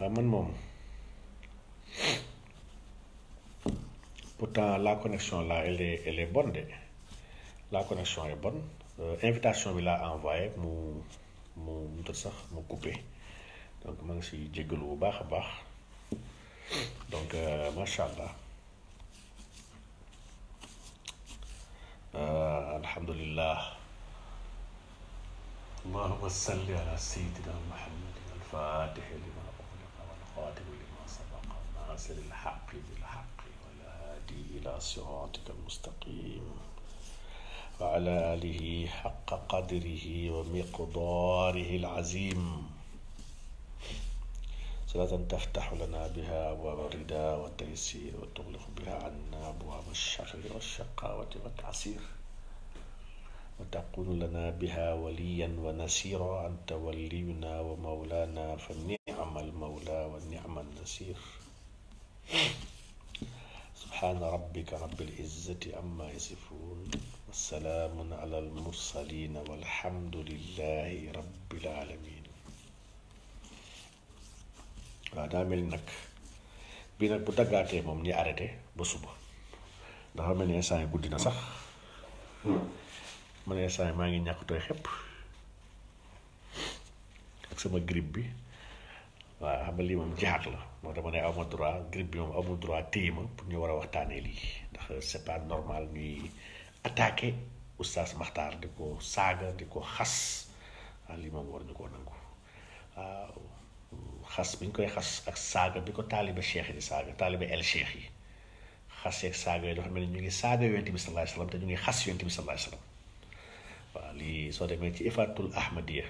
waaw mom pourtant la connexion là elle est elle est bonne de la connexion est bonne invitation bi laa envoyé mu mu tout tëdd sax mu coupé donc ma ngi si jéggalu bu baax a baax donc machallah euh, alhamdulillah allahumma salli ala sayyidina muhammadin al-fatih lima القادم لما سبق ناصر الحق بالحق والهادي إلى صراطك المستقيم وعلى آله حق قدره ومقداره العظيم صلاة تفتح لنا بها أبواب الرداء والتيسير وتغلق بها عنا أبواب الشر والشقاوة والتعسير وتكون لنا بها وليا ونسيرا أنت ولينا ومولانا فالنعم تسير سبحان ربك رب العزة عما يصفون والسلام على المرسلين والحمد لله رب العالمين دا مل نك بينا بودا غاتي موم ني اريتي بو دا مل ني ساي غودينا صاح مل ني ساي ماغي نياك توي خيب اك سما غريب بي واه حبل لي موم جهات لا moo dama ne awma droit grippe bi moom amul droit téye ma pour ñu war a waxtaanee lii ndax c'est pas normal ñuy attaqué oustaz Makhtar di ko saaga di ko xas ah lii moom war ñu koo nangu waaw xas bi ñu koy xas ak saaga bi ko taaliba cheikh yi di saaga taaliba el cheikh yi xaseeg saaga yi dafa mel ni ñu ngi saaga yonent bi sallallahu alayhi wasallam te ñu ngi xas yonent bi sallallahu alayhi wasallam waaw lii soo demee ci ifaatul ahmadiya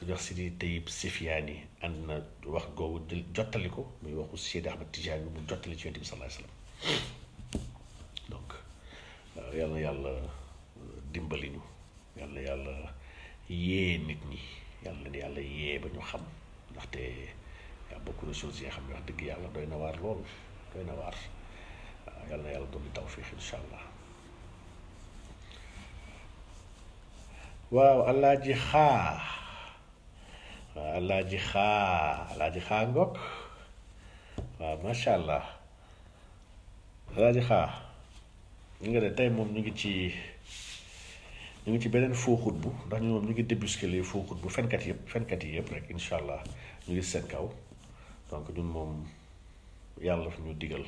ku ñuy wax si di Tayyib Sifiyaani ànd na wax googu jottali ko muy waxu Seydi Ahmad Tijaani bi mu jottali ci Yonent bi sallallahu alayhi wa sallam donc yal na yàlla dimbali ñu yal na yàlla yee nit ñi yal na yàlla yee ba ñu xam ndaxte yaa bokk na choses yi nga xam ne wax dëgg yàlla doy na waar lool doy na waar waaw yal na yàlla dolli tawfiix incha allah. waaw Alaaji xaa waaw alaaji xaa alaaji xaa ngokk waaw macha allah alaaji xaa ñu nga de tey moom ñu ngi ci ñu ngi ci beneen faux xutbu ndax ñu moom ñu ngi débusqué les bu xutbu fenkat yëpp fenkat yi yëpp rek incha allah ñu ngi seen kaw donc ñun moom yàlla fu ñu digal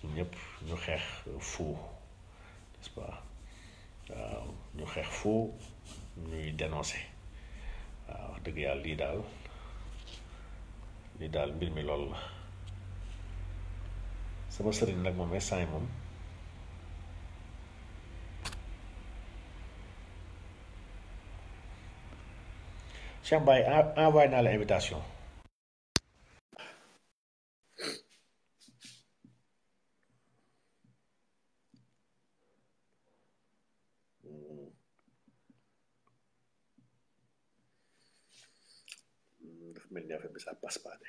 ñun ñëpp ñu xeex faux n'est-ce pas waaw ñu xeex faux ñuy dénoncé waaw dëgg yàlla lii daal lii daal mbir mi lool la sama sëriñ nag moom instant moom Cheikh Baye la invitation paspade.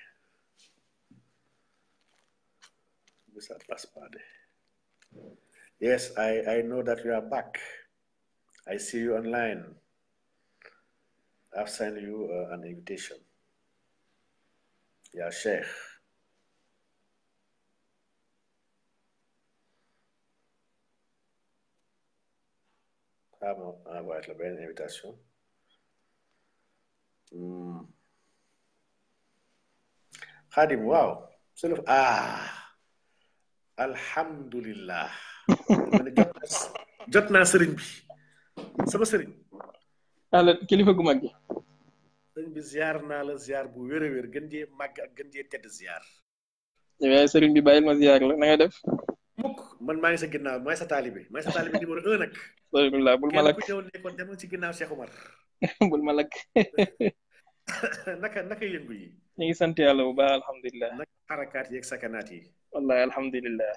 Mr. Paspade. Yes, I, I know that you are back. I see you online. I've sent you uh, an invitation. Yeah, Sheikh. Ah bon, ah, voilà, la invitation. Mm. xaadim waaw sëlëf ah alhamdulillah ma jot naa jot naa sëriñ bi sama sëriñ ala kilifa gu mag gi sëriñ bi ziar naa la ziar bu wér a wér gën jee màgg ak gën jee tedd ziar waaye sëriñ bi bàyyil ma ziar la na def mukk man maa ngi sa ginnaaw maay sa taalibe maay sa taalibe numéro un nag alhamdulilah bul ma lakk ci ginnaaw Cheikh ma lakk naka naka yëngu yi. ñu ngi sant yàlla bu baax alhamdulilah. naka xarakaat yi ak sakanaat yi. wallahi alhamdulilah.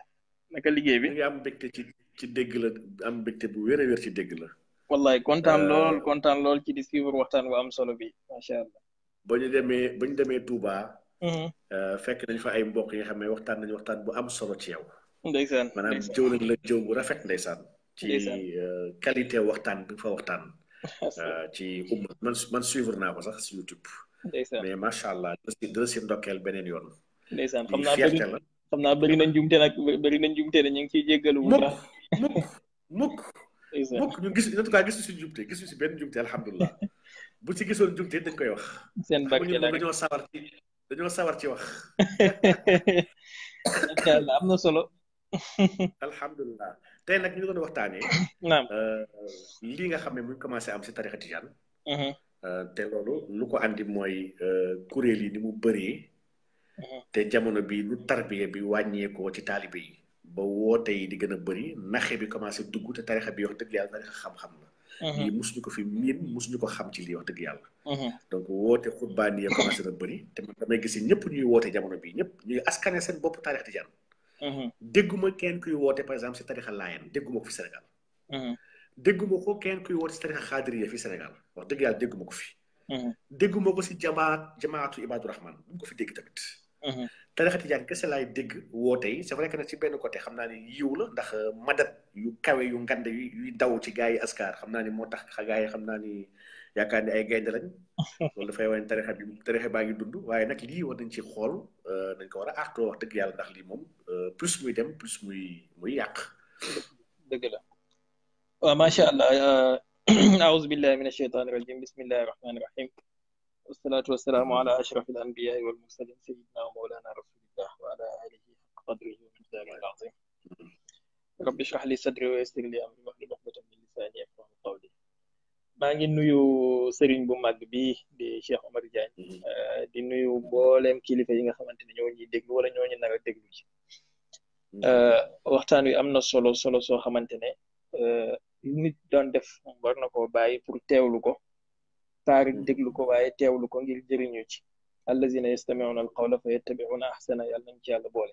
naka liggéey bi. am mbégte ci ci dégg la am mbégte bu wér a wér ci dégg la. wallahi kontaan euh, lool kontaan lool ci di suivre waxtaan bu am solo bi macha allah. ba ñu demee ba ñu demee Touba. Mm-hmm. Euh, fekk nañ fa ay mbokk yi nga xam ne waxtaan nañu waxtaan bu am solo ci yow. ndeysaan maanaam jëw nañ la jëw bu rafet ndeysaan. ci euh, qualité waxtaan bi fa waxtaan. Euh, ci umma man man suivre naa ko sax si YouTube. ndeysaan mais macha allah dina si ndokkeel beneen yoon. ndeysaan xam naa bëri xam naa bëri nañ jumte nag na nañ jumte ne ñu ngi ciy jéggalu. mukk mukk mukk. mukk ñu gis en tout gis si jumte gis si benn jumte alhamdulilah bu ci gisoon jumte dañ koy wax. seen barke la dañoo sawar ci dañoo sawar ci wax. macha na solo. alhamdulilah. tey nag ñu ngi doon waxtaanee. naam euh, lii nga xam ne mu ngi commencé am si tarixa tijaan. Mm-hmm. Euh, te loolu lu ko andi mooy euh, kuréel yi ni mu bëree. Mm-hmm. te jamono bi lu tarbiya bi wàññeekoo ci taalibe yi. ba woote yi di gën a bëri naxe bi commencé dugg te tarixa bi wax dëgg yàlla tarixa xam-xam na mm-hmm. lii mosuñu ko fi miin mosuñu ko xam ci lii wax dëgg yàlla. donc woote xutbaani ya commencé na bëri te man damay gis ñëpp ñuy woote jamono bi ñëpp ñuy askane seen bopp taarix tijaan Mm-hmm. dégguma kenn kuy woote par exemple si tarixa laayeen dégguma ko fi Sénégal mm-hmm. dégguma ko kenn kuy woote si tarixa xaadiriya fi Sénégal wax dëgg yàlla dégguma ko fi mm-hmm. dëgguma ko si jamaat jamaatu ibaadu rahman bu ko fi dégg tamit tarixa tijaan kese laay dégg woote yi c'est vrai que nag ci benn côté xam naa ni yiw la ndax madat yu kawe yu ngand yu daw ci gars yi askar xam naa ni moo tax gars yi xam naa ni yaakaar ne ay gaynde lañ loolu dafay wane tarixa bi tarixa baa ngi dund waaye nag lii war nañ ci xool dañ ko war a aartoo wax dëgg yàlla ndax lii moom plus muy dem plus muy muy yàq dëgg la waaw macha allah aouzu billahi min asheytaani rajim bismillahi rahmaani rahim wasalaatu wasalaamu ala ashraf al anbiyaai wal mursalin sayidina wa mawlana rasulillah wa ala alihi qadrihi wa miqdaarihi alazim azim ishrah li sadri wa yassir li amri wahlul uqdatan min lisaani maa ngi nuyu sëriñ bu mag bi di Cheikh Omar Diagne mm-hmm. euh, di nuyu boolem kilifa yi nga xamante ne ñoo ñuy déglu wala ñoo ñu nar a mm-hmm. euh, waxtaan wi am na solo solo soo xamante ne euh, lu nit doon def war na koo bàyyi pour teewlu ko taar mm-hmm. déglu ko waaye teewlu ko ngir jëriñu ci allazina yastami'una alqawla fa yattabi'una ahsana yàlla nañ ci yàlla boole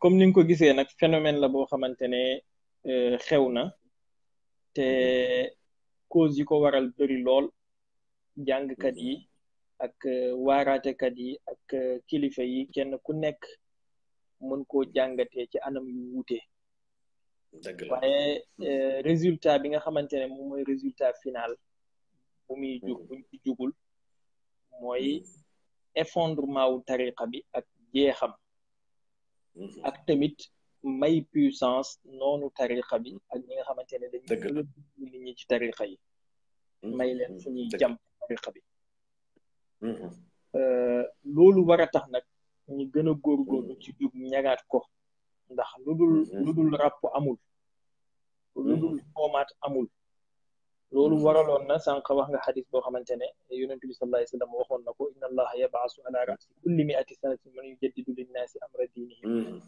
comme ni nga ko gisee nag phénomène la boo xamante ne xew na te cause yi ko waral bëri lool jàngkat yi ak euh, waaraatekat yi ak euh, kilifa yi kenn ku nekk mën koo jàngatee ci anam yu wuute waaye euh, résultat bi nga xamante ne moom mooy résultat final bu muy jur buñ jugul mooy effondrement wu tariqa bi ak jeexam mhm. ak tamit may puissance nonu tariqa bi ak ñi nga xamantene dañu dañuy lëbb nit ñi ci tariqa yi may leen fu ñuy jàmp tariqa bi loolu war a tax nak ñu gëna a góorgóorlu ci jug ñagaat ko ndax lu dul rap amul lu format amul loolu waraloon na sank wax nga hadith bo xamantene yunus bi sallallahu alayhi wasallam waxon nako inna allaha yab'asu ala rasi kulli miati sanatin man yujaddidu lin-nasi amra dinihim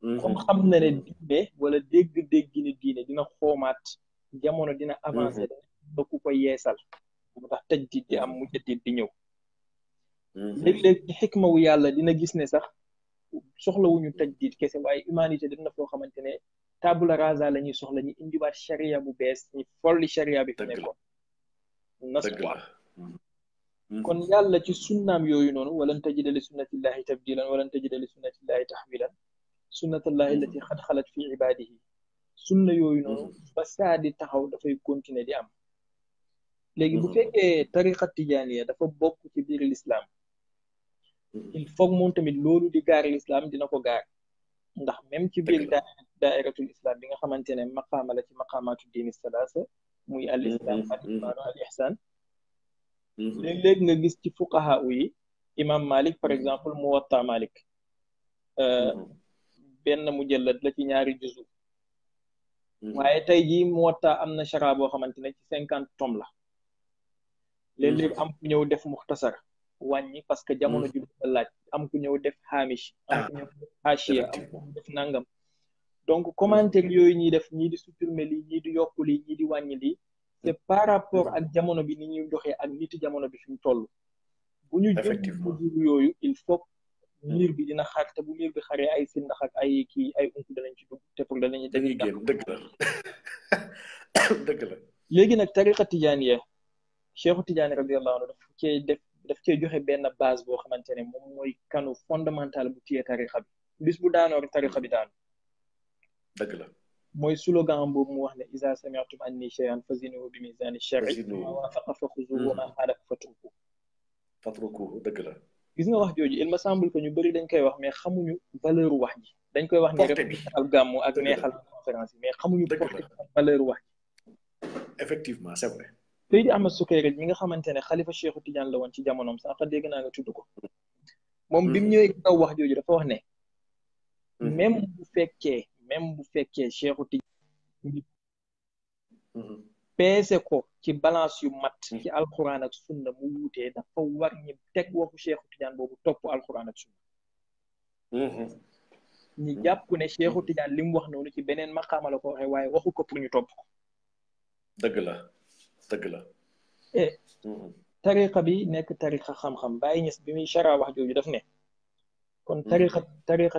comme xam na ne diine wala dégg-dégg ni diine dina xoomaat jamono dina avancé da ku ko yeesal mu tax tajdid di am mu jaddid di ñëw léeg-léeg ci xikma wu yàlla dina gis ne sax soxlawuñu tajdid kese waaye humanité def na foo xamante ne tabula rasa la ñuy soxla ñu indiwaat sharia bu bees ñu folli sharia bi fi nekkoon nas kon yàlla ci sunnaam yooyu noonu walan tajidali li sunnatillahi tabdilan walan tajidali li sunnatillahi tahwilan سنة الله التي qad خلت في عباده سنة yooyu بس ba saa di taxaw كنا دي أم لكن léegi طريقة fekkee دفع بوك dafa bokk ci biir lislaam il faut moom tamit loolu di gaar lislaam dina ko gaar ndax même ci biir daairatul islam bi nga xamante ne maqaama la ci maqaamaatu diini salaasa muy al islam al imaanu al ihsan léeg-léeg nga gis ci fuqaha yi imam malik par exemple muwatta malik benn mujallad la ci ñaari juzu hmm. waaye tey jii Muwatta am na chara boo xamante ne ci cinquante tome la léeg-léeg hmm. am ku ñëw def muxtasar waññi parce que jamono hmm. ju la laaj am ku ñëw def xaamish am ku ñëw def nangam donc commentaire yooyu ñuy def ñii di supprimer lii ñii di yokk lii ñii di wàññi li c'est par rapport ak jamono bi ni ñuy doxee ak niti jamono bi fi mu toll bu ñu jël yooyu il faut miir bi dina xar te bu miir bi xaree ay sindax ak ay kii ay ump danañ ci dugg te pour danañ dañuy dëgg la dëgg la léegi nag tariqa tijaaniya cheikhu tijaani radiallahu anhu daf cee def daf cee joxe benn base boo xamante ne moom mooy kanu fondamental bu téye tariqa bi bis bu daanoo rek bi daanu dëgg la mooy slogan boobu mu wax ne iza sami'tum anni shay'an fazinuhu bi mizani shar'i ma waafaqa fa xuzuhu ma hmm. xaalak fatruku fatruku dëgg la gis nga wax jooju il me semble que ñu bëri dañ koy wax mais xamuñu valeur wax ji dañ koy wax ne rek gàmmu ak neexal conférence yi mais xamuñu porte valeur wax ji effectivement c'est vrai Seydi Ahmad Sukayrij mi nga xamante ne xalifa Cheikhu Tidiane la woon ci jamonoom sànq dégg naa nga tudd ko moom bi mu hmm. ñëwee kaw wax jooju dafa wax ne hmm. même bu fekkee même bu fekkee Cheikhu Tidiane hmm. peese ko ci balance yu mat ci alxuraan ak sunna mu wuutee dafa war ñi teg waxu Cheikhu Tidiane boobu topp alxuraan ak sunna mm-hmm. ñi jàpp ne Cheikhu Tidiane li mu wax noonu ci beneen maqaama la ko waxee waaye waxu ko pour ñu topp ko dëgg la dëgg la eh, mm-hmm. tariqa bi nekk tariqa xam-xam bàyyi ñes bi muy chara wax jooju daf ne kon tariqa mm-hmm. tariqa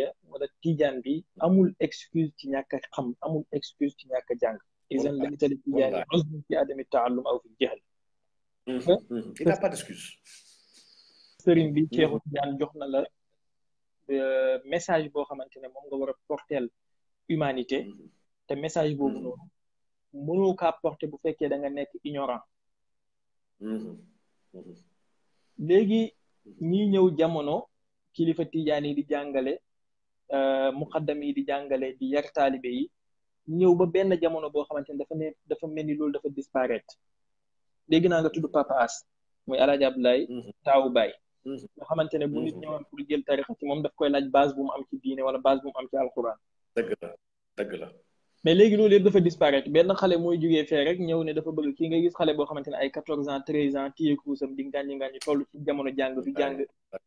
ya wala tijaan bi amul excuse ci ñàkk a xam amul excuse ci ñàkk jàng اذا المنتاليتي عزم في عدم التعلم او في الجهل اذا با ديسكوز سيرين بي كي روت يعني جوخنا لا ميساج بو خامتيني موم غورا بورتيل هومانيتي تا ميساج بو نو مونو كا بورتي بو فكي داغا نيك ignorant لغي ني نيو جامونو كليفه تيجاني دي جانغالي آه، مقدمي دي جانغالي دي يار طالبيه ñëw ba benn jamono boo xamante ni dafa ne dafa mel ni loolu dafa disparaître dégg naa nga tudd Papa As muy El Hadj Abdoulaye mm-hmm. taawu Baye mm-hmm. nga xamante ne bu nit mm-hmm. ñëwoon pour jël tarixa ci moom daf koy laaj base bu mu am ci diine wala base bu mu am ci alquran dëgg la mais léegi loolu yëpp dafa disparaître benn xale mooy jugee fee rek ñëw dafa bëgg kii nga gis xale boo xamante ne ay 14 ans 13 ans téye kuusam di ngàññi ngàññi toll ci jamono jàng du jàng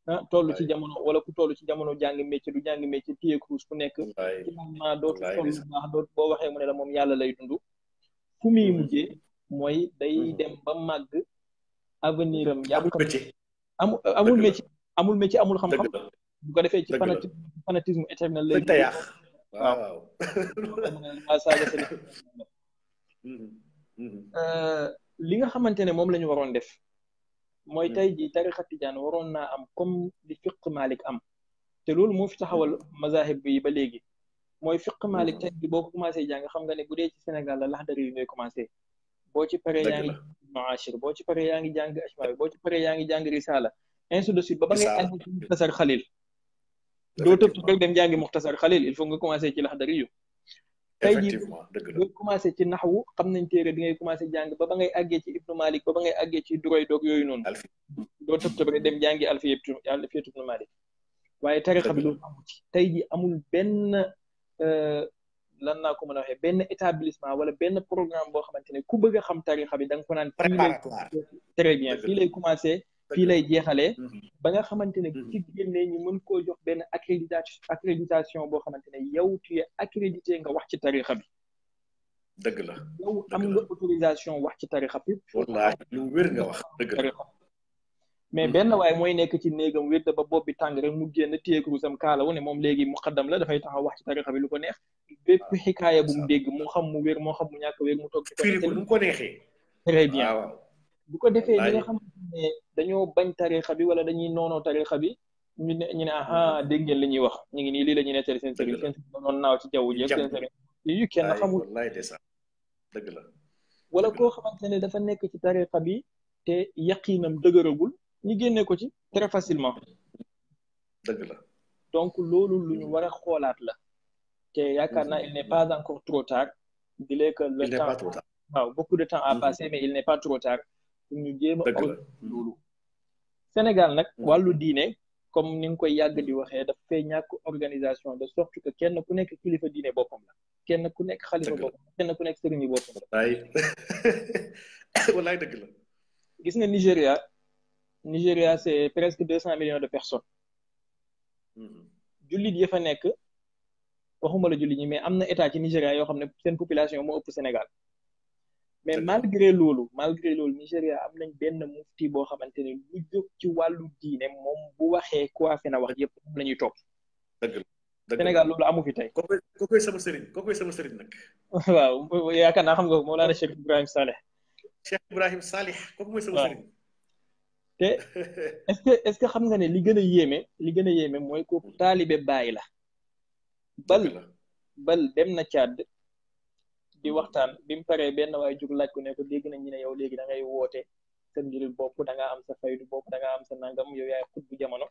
ah toll ci jamono wala ku toll ci jamono jàng métier du jàng métier téye kuus ku nekk finalement dootu toll bu baax dootu boo waxee mu ne la moom yàlla lay dundu fu muy mm-hmm. mujjee mooy day mm-hmm. dem ba màgg avenir am yàlla amul amul métier amul métier amul xam-xam bu ko defee ci fanatisme fanatisme éternel lay waaw uh, li nga xamante ne moom la ñu waroon def mooy hmm. tey jii tarixa tijaan waroon naa am comme di fiq malik am te loolu moo fi taxawal hmm. mazahib yi ba léegi mooy fiq malik hmm. tey jii boo ko commencé jàng xam nga ne bu dee ci Sénégal la laxdari yu ñooy commencé boo ci paree yaa ngi maachir boo ci paree yaa ngi jàng ashma boo ci pare yaa ngi jàng risala ainsi de suite ba ba ngay àgg ci tasar xalil doo tëb tëb rek dem jàngi muxtasar xalil il faut nga commencé ci laxdari yu tey jii boo commencé ci naxwu xam nañ téere bi ngay commencé jàng ba ba ngay àggee ci ibnu malik ba ba ngay àggee ci duroy doog yooyu noonu doo tëb tëb rek dem jàngi alfiyet alfiyet ibnu malik waaye tarixa bi loolu amu ci tey jii amul benn lan naa ko mën a waxee benn établissement wala benn programme boo xamante ne ku bëgg a xam tarixa bi da nga ko naan fii lay très bien fii lay commencé fii lay jeexalee ba nga xamante ne ci génnee ñu mën koo jox benn accréditation accréditation boo xamante ne yow tu es accrédité nga wax ci tarixa bi dëgg la yow am nga autorisation wax ci tarixa bi lu wér nga wax dëgg la mais benn waaye mooy nekk ci néegam wér ba bopp bi tàng rek mu génn téye kurusam kaalawu ne moom léegi muqaddam la dafay taxaw wax ci tarixa bi lu ko neex bépp xikaaya bu mu dégg moo xam mu wér moo xam mu ñàkk wér mu toog firi bu mu ko neexee très bien waaw bu ko defee ñi nga dañoo bañ tarixa xabi wala dañuy noonoo tarixa bi ñu ne ñu ne aha mm-hmm. dégg ngeen li ñuy wax ñu ngi nii lii la ñu nettali seen sëriñ seen sëriñ noonu naaw ci jaww ji seen sëriñ yu kenn xamul dëgg la wala koo xamante ne dafa nekk ci tarixa bi te yaqiinam dëgëragul ñi génne ko ci très facilement dëgg la donc loolu lu ñu war a xoolaat la te yaakaar naa mm-hmm. il ne pas encore trop tard di lee que le temps waaw beaucoup de temps a mm-hmm. passé mais il n'est pas trop tard ñu jéem a loolu Sénégal nag mm. wàllu diine comme ni nga koy yàgg di waxee daf fay ñàkk organisation de sorte que kenn ku nekk kilifa diine boppam la kenn ku nekk xalifa boppam la kenn ku nekk sëriñ yi boppam la wallaay dëgg la gis nga Nigeria Nigéria c'est presque deux cent millions de personnes mm-hmm. jullit yi fa nekk waxuma la jullit ñi mais am na état ci Nigeria yoo xam ne seen population moo ëpp Sénégal mais malgré loolu malgré loolu Nigéria am nañ benn mufti boo xamante ne lu jóg ci wàllu diine moom bu waxee kuwaafe na wax yëpp moom la ñuy topp. dëgg la Sénégal loolu amu fi tey. kooku kooku sama sëriñ kooku sama waaw yaakaar naa xam nga Mawlana Cheikh Ibrahim Saleh. Cheikh Ibrahim Saleh kooku mooy sama sëriñ. te est-ce que xam nga ne li gën a yéeme li gën a yéeme mooy ko taalibe bàyyi la. bal bal dem na Tchad. di waxtaan bi mu paree benn waay jug laaj ko ne ko dégg nañ ñu ne yow léegi da ngay woote sa mbirul bopp da ngaa am sa faydu bopp da ngaa am sa nangam yow yaay xut bu jamono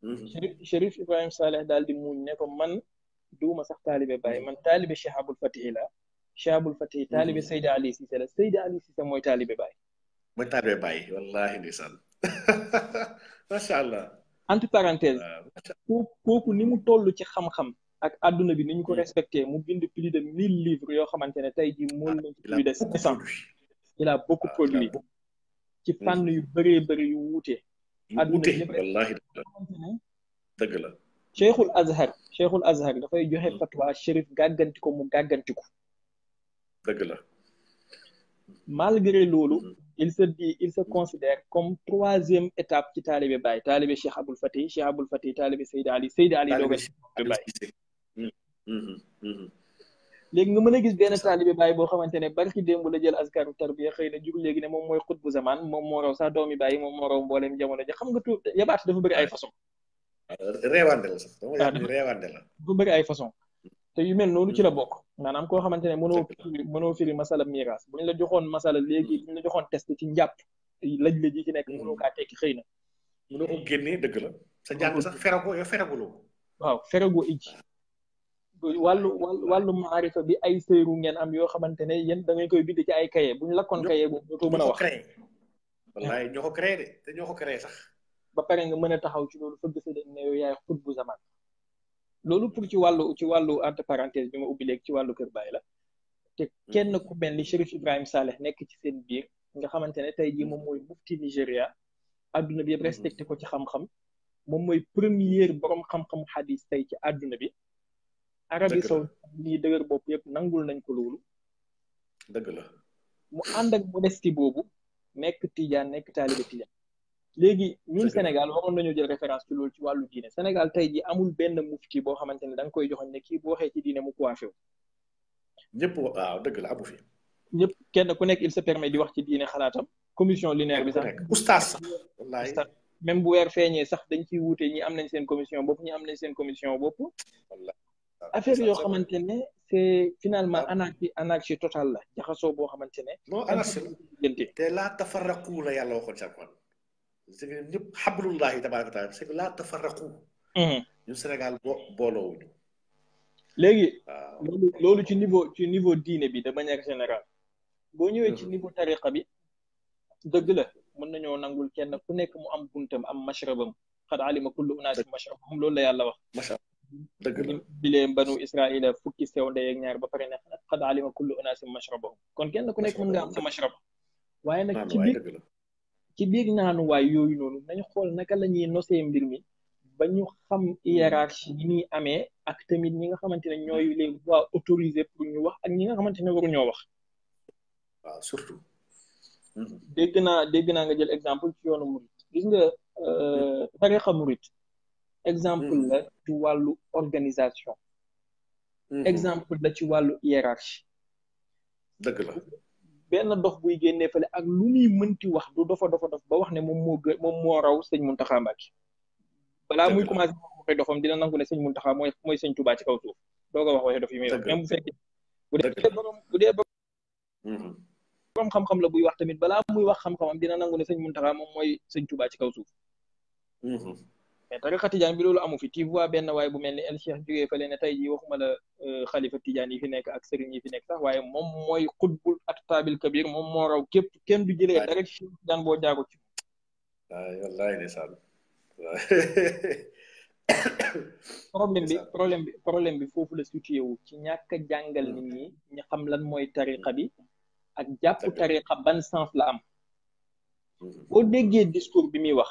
Chérif mm-hmm. Ibrahim Saleh daal di muñ ne ko man duuma sax taalibe Baye man taalibe Cheikhabul Fatihi la Cheikhabul Fatihi taalibe mm-hmm. Seydi Ali Cissé la Seydi Ali Cissé mooy taalibe Baye mooy taalibe Baye wallahi ndeysaan macha allah entre parenthèse kooku ni mu toll ci xam-xam ak Il bi niñ ko mm. respecté mu plus de livres ah, Il a beaucoup Il ah, il a beaucoup produit azhar azhar mm. malgré lolu mm. il se dit il se considère comme troisième étape ci talibé bay Cheikh Abul Fatih Cheikh Fatih beaucoup Ali seyd Ali Mm-hmm. Mm-hmm. léegi nga mën a gis benn taalibe bàyyi boo xamante ne barki démb la jël askaru tarbiya xëy na jug léegi moom mooy xut bu zaman moom moo raw sax doomi moo raw mbooleem jamono ja xam nga tu yabaat dafa bëri ay façon euh, réewande la ah, bëri ay façon te yu mel noonu ci la mm-hmm. bokk maanaam koo xamante ne mënoo firi mënoo firi masala miiras buñ la joxoon masala léegi buñ la joxoon test ci njàpp laj ci nekk mënoo kaa tekki xëy na mënoo ko génnee dëgg la sa jàng sax feragoo yow feraguloo waaw feragoo ij wàllu wàllu maarifa bi ay séeru ngeen am yoo xamante ne yéen da ngay koy bind ci ay kaye bu ñu lakkoon kaye boobu dootoo mën a wax wallaay ñoo ko créé de te ñoo ko créé sax ba pare nga mën a taxaw ci loolu fëgg sa dañ ne yow yaay xut bu zaman loolu pour ci wàllu ci wàllu entre parenthèse bi ubbi léegi ci wàllu kër baay la te kenn ku mel ni Chérif Ibrahim Saleh nekk ci seen biir nga xamante ne tey jii moom mooy mufti Nigéria adduna bi yëpp mm-hmm. respecté ko ci xam moom mooy première borom xam-xamu xadis tey ci adduna bi Arabie Saoudite ñii dëgër bopp yëpp nangul nañ ko loolu dëgg la mu ànd ak modestie boobu nekk tijaan nekk taalibe tijaan léegi ñun Sénégal waroon nañu jël référence ci loolu ci wàllu diine Sénégal tey ji amul benn mufti boo xamante ne da koy joxoñ ne kii bu waxee ci diine mu coiffé wu ñëpp waaw dëgg la amu fi ñëpp kenn ku nekk il sa permet di wax ci diine xalaatam commission linéaire bi sax oustaz sax wallaay même bu weer feeñee sax dañ ciy wuute ñi am nañ seen commission bopp ñi am nañ seen commission bopp affaire yo xamantene ne finalement anarchie anarchie totale la jaxasoo bo xamantene ne. non anarchie te la tafarraqu la yàlla waxo ci akon c' est que ñëpp xablullahi tabaraka taala c' est que laa tafarraqu. ñu Sénégal bo booloowuñu. léegi. légui lolu ci niveau ci niveau diine bi de manière générale. bo ñëwé ci niveau tariqa bi. deug la mën nañu nangul kenn ku nekk mu am buntam am mashrabam qad alima kullu unaas mashrabam lolu la yàlla wax. bi leen banu israila fukki sew ndey ak ñaar ba pare ne xad alima kullu unaasin mashrabahum kon kenn ku nekk mën nga am sa mashrab waaye nag ci biir ci biir naanu waay yooyu noonu nañ xool naka la ñuy nosee mbir mi ba ñu xam hiérarchie yi ñuy amee ak tamit ñi nga xamante ne ñooy les voix autorisées pour ñu wax ak ñi nga xamante ne waru ñoo wax waaw surtout dégg naa dégg naa nga jël exemple ci yoonu murit gis nga tarixa murit exemple mm-hmm. la ci wàllu organisation mm-hmm. exemple la ci wàllu hiérarchie dëgg la benn dof buy génnee fële ak lu muy mënti wax du dofa dofa dof ba wax ne moom moo gën moom moo raw sëñ Muntaxa Mbàkke balaa muy commencé waxee dofam dina nangu ne sëñ Muntaxa mooy mooy sëñ Tuubaa ci kaw suuf doo ko wax waxee dof yi muy wax la buy wax tamit balaa muy wax xam dina nangu ne sëñ Muntaxa moom mooy sëñ Tuubaa ci kaw suuf mm-hmm. طريقه تيجان بي لولو امو في تي فوا بن واي بو ملني ال شيخ جوي فالي ني تاي جي واخما لا خليفه تيجاني في نيك اك سيرني في نيك صاح واي موم موي قطب الاكتاب الكبير موم مو راو كيب كين دو جيلي ديريك شيخ جان بو جاغو تي اي والله ني سال problème bi problème bi problème bi fofu la situé wu ci ñaka jangal nit ñi hmm. ñi xam lan moy tariqa bi ak hmm. japp tariqa ban sens la am hmm. bo déggé discours bi mi wax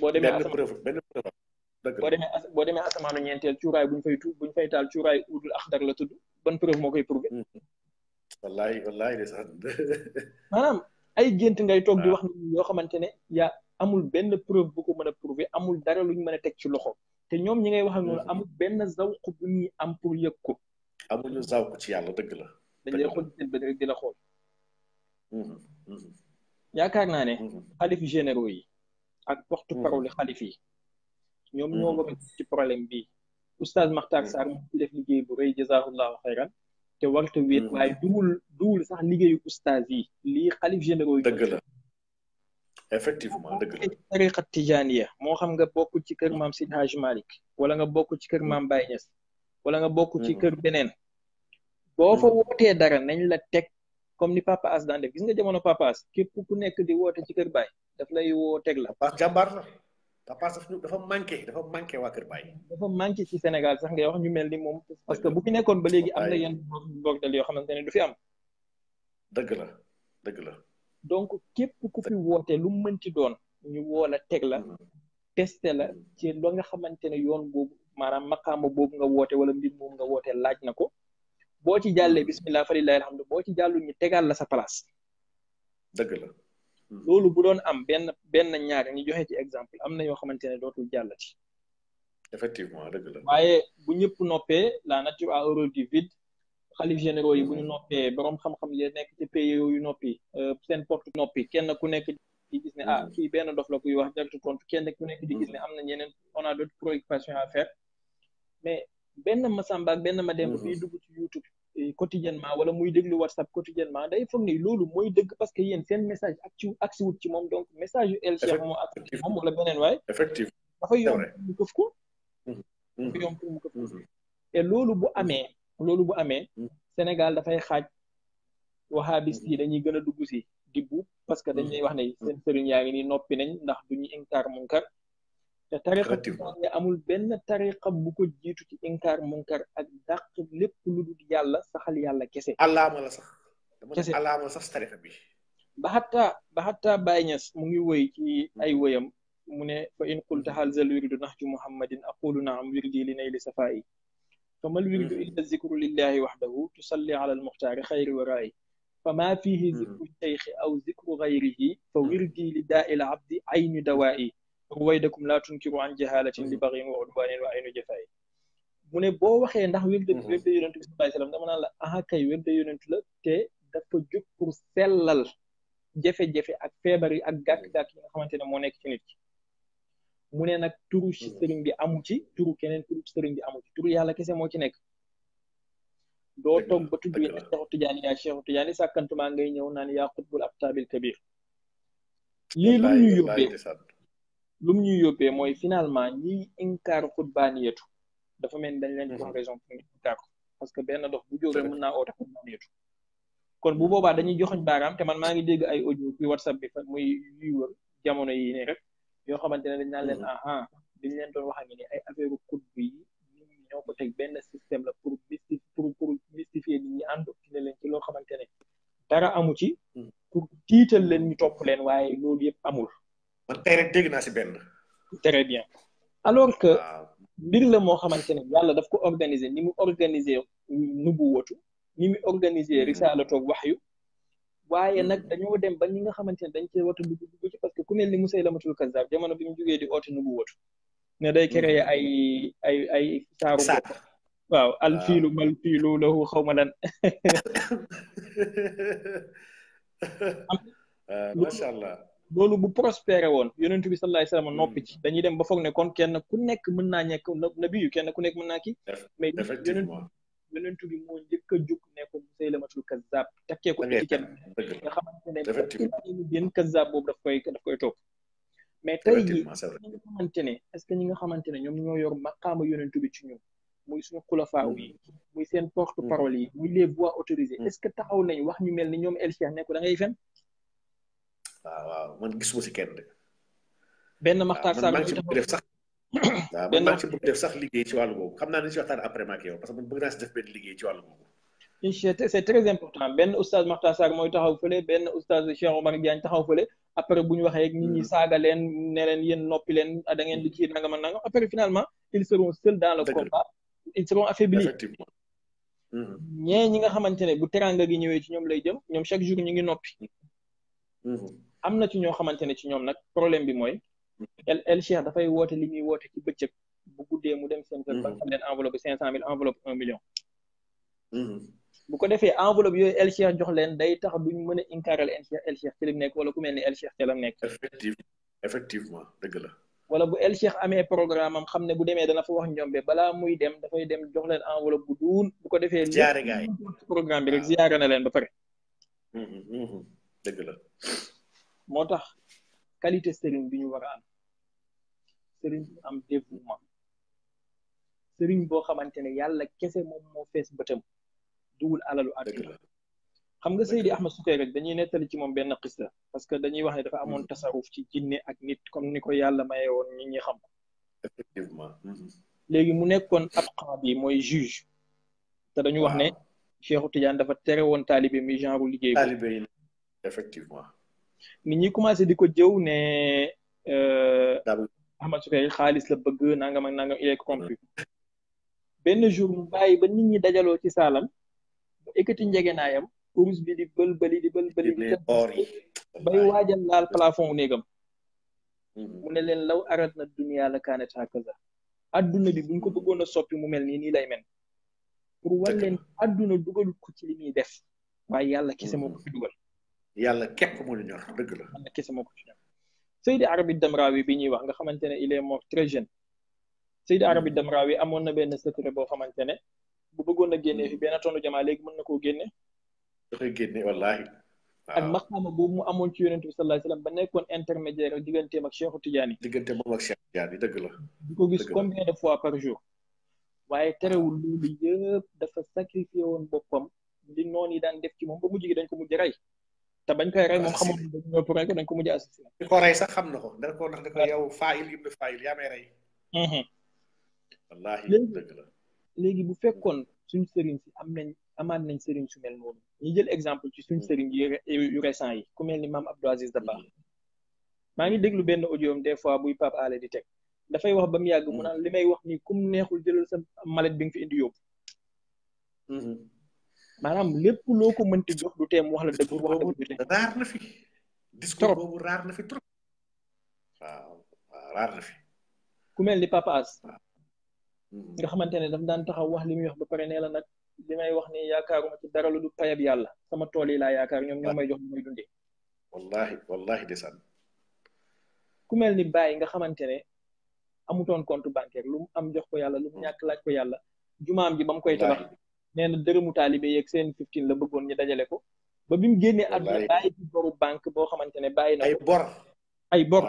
boo demee benn preuve benn preuve boo demee boo demee asamaanu ñeenteel cuuraay buñ fay tu buñ fay taal cuuraay uudul axdar la tudd ban preuve moo koy prouvé hmm. wallaay wallaay de sax maanaam ay gént ngay toog di ah. wax ni yoo xamante ne yaa amul benn preuve bu ko mën a prouvé amul dara luñ mën a teg ci loxo te ñoom ñi ngay wax ak noonu hmm. amul benn zawq bu am pour yëg ko ñu amuñu zawq ci yàlla dëgg la dañ lay xool seen di la xool hmm, yaakaar naa ne xalif généraux yi ak porte-parole hmm. xalif yi ñoom hmm. ñoo war ci problème bii oustaz Makhtar hmm. Sarr mu ci def liggéey bu rëy jazahullahu xayran te warta wéet waaye duwul duwul sax liggéeyu oustaz yi lii xalif généraux yi dëgg la effectivement dëgg la tariqa tijaaniya moo xam nga bokk ci kër mam Seydi Hadji Malick wala nga bokk ci kër maam wala nga bokk ci kër beneen boo fa wootee dara nañ la teg comme ni Papa As daan def gis nga jamono Papa As képp ku nekk di woote ci kër Baye daf lay woo teg la. Pape jàmbaar la dafa manqué dafa manqué waa Kër Baye. manqué ci Sénégal sax ngay wax ñu mel ni moom. parce que bu fi nekkoon ba léegi am na yenn bordel yoo xamante ne du fi am. dëgg dëgg la. donc képp ku fi woote lu mënti doon ñu woo la teg la. Mm-hmm. testé la ci loo nga xamante ne yoon boobu maanaam maqaama boobu nga woote wala mbir moom nga woote laaj na ko boo ci jàllee mm-hmm. bismillah falilahi alhamdu boo ci jàllu ñu tegal la sa place. dëgg la. loolu bu doon am benn benn ñaar ñu joxe ci exemple am na yoo xamante ne dootul jàllati. effectivement dëgg la waaye bu ñëpp noppee la nature a horreur du vide xalif généraux yi bu ñu noppee borom xam-xam yi nekk ci pays yooyu noppi euh, seen porte noppi kenn ku nekk di gis ne ah hmm. kii benn dof la kuy wax direct compte kenn ku nekk di gis hmm. ne am na ñeneen ona a d'autres affaire mais benn Masamba ak benn Mademba hmm. bi dugg ci YouTube quotidiennement wala muy déglu whatsapp quotidiennement day foog ni loolu mooy dëgg parce que yéen seen message ak ci aksi wut ci moom donc message yu el cheikh moom ak ci wala beneen waaye effectivement dafa yomb këf ko mm-hmm. dafa mm-hmm. yomb ko mm-hmm. te loolu bu amee loolu bu amee Sénégal dafay xaaj wahabist yi dañuy gën a dugg si di parce que dañ dañuy wax ne seen sëriñ yaa ngi ni noppi nañ ndax duñu inkar munkar الطريقه الثانيه امول بن طريقه بوكو جيتو تي انكار منكر اك داق ليپ لودو يالا ساخال يالا كيسه الله ما لا صح الله ما صح الطريقه بي بحتى بحتى باينس موغي وي اي ويام مونه فان قلت هل زل يريد نهج محمد اقول نعم يريد لي نيل صفائي فما الورد الا الذكر لله وحده تصلي على المختار خير ورائي فما فيه ذكر الشيخ او ذكر غيره فوردي لداء العبد عين دوائي waydakum laa tunkiru an jahalatin li baghin wa udwanin wa aynu jafaay mu ne boo waxee ndax wirde mhm. wirde yonentu bi sallallahu alayhi wasallam dama naan la aha kay wirde yonentu la te dafa jóg pour sellal jafe-jafe ak feebar yi ak gàkk-gàkk yi nga xamante ne moo nekk ci nit ki mu ne nag turu ci mhm. sëriñ bi amu ci turu keneen turu sëriñ bi amu ci yàlla kese moo ci nekk doo toog ba tudd yaa Cheikhu Tijaani yaa Cheikhu Tijaani sàkkantumaa ngay ñëw naan yaa xutbul abtaabil kabir lii lu ñu yóbbee lu mu ñuy yóbbee mooy finalement ñiy inkaar xutbaaniyatu dafa mel ni dañ leen jox mhm. raison parce que benn dox bu jóg naa oote kon bu boobaa dañuy joxoñ baaraam te man maa ngi dégg ay audio ci whatsapp bi fa muy yuy wër jamono yi rek yoo xamante ne dañ naan leen mhm. ahan diñ leen doon wax a ngi ay affaire xutba yi nit ñi ñoo ko benn système la pour mystifier pour pour mystifier nit ñi ànd ci ne leen ci loo xamante ne dara amu ci mhm. pour tiital leen ñu topp leen waaye loolu yëpp amul man dégg naa si benn. très bien alors que. mbir la moo xamante ne yàlla daf ko organiser ni mu organiser nubu wotu ni mu organiser mm-hmm. risalatoog wax yu waaye mm-hmm. nag dañoo dem ba ñi nga xamante ne dañ cee wata dugg dugg ci parce que ku mel ni Musaylamatul Kazzab jamono bi mu jógee di oote nubu wotu ne day créer mm-hmm. ay ay ay saaru waaw al fiilu mal fiilu lahu xaw ma lan macha allah loolu bu prospéré woon yonent bi sallallahu alayhi wasallam hmm. noppi ci dañuy dem ba foog ne kon kenn ku nekk mën naa ñekk nabi yu ku nekk mën naa kii mais yonent bi moo njëkk a jug ne ko Musaylamatul Kazzab takkee ko étiquette nga xamante ne ñu génn Kazzab boobu daf koy daf koy topp mais tey jii ñi que ñi nga xamante ne ñoom ñoo yor maqaama yonent bi ci ñun muy suñu xulafaaw yi hmm. muy seen porte parole hmm. yi muy les voix autorisées est ce que taxaw nañ wax ñu mel ni ñoom El Cheikh ne ko da ngay waaw waaw man gisuma si kenn de. benn Makhtar Sarr maa ngi ci bëgg def sax. sax liggéey ci wàllu boobu xam naa ne si waxtaan après ma ak yow parce que man bëgg naa si def benn liggéey ci wàllu boobu. incha allah mooy taxaw fële benn après bu ñu waxee ak nit ñi hmm. saaga leen ne leen yéen noppi leen ah, da ngeen di kii nangam ak nangam après finalement ils seront seuls dans le combat. ils seront affaiblis. Hmm. ñee ñi nga xamante ne bu teranga gi ñëwee ci ñoom lay jëm ñoom chaque jour ñu ngi noppi. Hmm. amna ci ñoo xamantene ci ñoom nak problème bi moy el el cheikh da fay wote li ñuy wote ci bëccëg bu guddé mu dem seen kër banqam leen enveloppe 500000 enveloppe 1 million bu ko defé enveloppe yoy el cheikh jox leen day tax duñ mëna a el cheikh el cheikh ci lim nekk wala ku melni el cheikh ci lam nekk effectivement effectivement deug la wala bu el cheikh amé programme am xamné ne bu demee dana fa wax njombe bala muy dem da dafay dem jox leen enveloppe bu duun bu ko defé ziaré gaay programme bi rek ziaré na leen ba pare hmm hmm deug la motax qualité serigne bi ñu wara am serigne bu am dévouement serigne bo xamantene yàlla kessé mom mo fess bëtam duul alalu àdduna xam nga Seydi Ahmad Sukay rek dañuy netali ci mom ben xista parce que dañuy wax ni dafa amone tasawuf ci jinne ak nit comme niko yàlla maye won ñi ñi xam effectivement légui mu nekkoon ab qadi moy juge te dañu wax ne cheikhou Tidiane dafa tere won talibé mi genre liggéey bi effectivement nit ñi commencé di ko jëw ne. Euh, Ahmad Sukay xaalis la bëgg nangam ak nangam il est corrompu. benn jour mu bàyyi ba nit ñi dajaloo ci saalam mu ekkati njegenaayam urus bi di bëlbëli di bëlbëli di bay waajal laal plafond wu mm-hmm. mu ne leen law arat na dunia la kaanet hakaza adduna bi buñ ko bëggoon a soppi mu mel nii nii lay mel pour wan leen adduna dugalut ko ci li def waaye yàlla kese moo dugal yàlla képp moo ñu ñor dëgg la. yàlla kese moo ko ci ñor Seydi Arabi Damrawi bi ñuy wax nga xamante ne il est mort très jeune Seydi hmm. Arabi Damrawi amoon na benn secret boo xamante ne bu bëggoon a génnee fi hmm. benn tondu jamaa léegi mën na koo génne. da koy génne wallaahi. ak maqaama boobu mu amoon ci yonent bi sallallahu alayhi ba nekkoon intermédiaire ak digganteem ak Cheikhu Tidiane. digganteem moom ak Cheikh Tidiane dëgg la. di ko gis combien de fois par jour. waaye terewul loolu yëpp dafa sacrifié woon boppam di noonu yi daan def ci moom ba mujj gi dañ ko mujj rey. te bañ koy rey moom xamoon na dañ ko dañ ko mujj assassiné. di ko rey sax xam na ko dana ko ndax ne ko yow faayil ibnu faayil yaa may rey. Mhm. wallaahi dëgg la léegi bu fekkoon suñ sëriñ si am nañ amaat nañ sëriñ su mel noonu ñu jël exemple ci suñ mhm. sëriñ yu récent yi ku mel ni maam Abdou Aziz Dabakh mhm. maa ngi déglu benn audiom am des fois buy Pape Alé di teg dafay wax ba mu yàgg mu naan li may wax nii kum neexul jëlal sa malet bi nga fi indi yóbbu. maanaam lépp loo ko mënti jox du tee mu wax la dëgg wax dëgg raar na fi discours boobu raar na fi trop waaw ku mel ni Papa As mm-hmm. nga xamante ne daf daan taxaw wax li muy wax ba pare nee la nag li may wax ni yaakaaruma ci dara lu du payab yàlla sama tool yi laa yaakaar ñoom ñoo may jox lu may dundee wallahi wallahi desaan ku mel ni Baye nga xamante ne amutoon compte bancaire lu mu am jox ko yàlla lu mu ñàkk laaj ko yàlla jumaam ji ba mu koy tabax nee na dërëmu taalibe yeeg seen fifteen la bëggoon ñu dajale ko ba bi mu génnee àdduna bàyyi ci boru banque boo xamante ne bàyyi na ay bor ay bor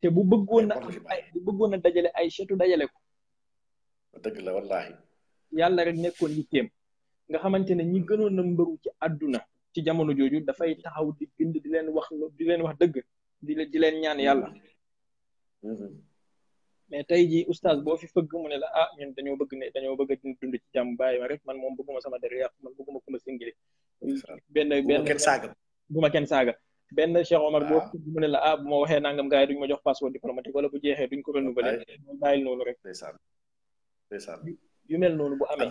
te bu bëggoon na ay bu bëggoon na dajale ay seetu dajale ko dëgg la wallaahi yàlla rek nekkoon yitteem nga xamante ne ñi gënoon na mbëru ci àdduna ci jamono jooju dafay taxaw di bind di leen wax di leen wax dëgg di leen di leen ñaan yàlla mm-hmm. mais tey jii oustaz boo fi fëgg mu ne la ah ñun dañoo bëgg ne dañoo bëgg a dund ci jàmm bàyyi ma rek man moom bëgguma sama der man bëgguma kuma singile benn benn saaga bu ma kenn saaga benn Cheikh boo ah. fëgg mu ne la ah bu moo waxee nangam gars yi duñ ma jox passeport diplomatique wala bu jeexee duñ ko renouveler moom bàyyil noonu yu mel noonu bu amee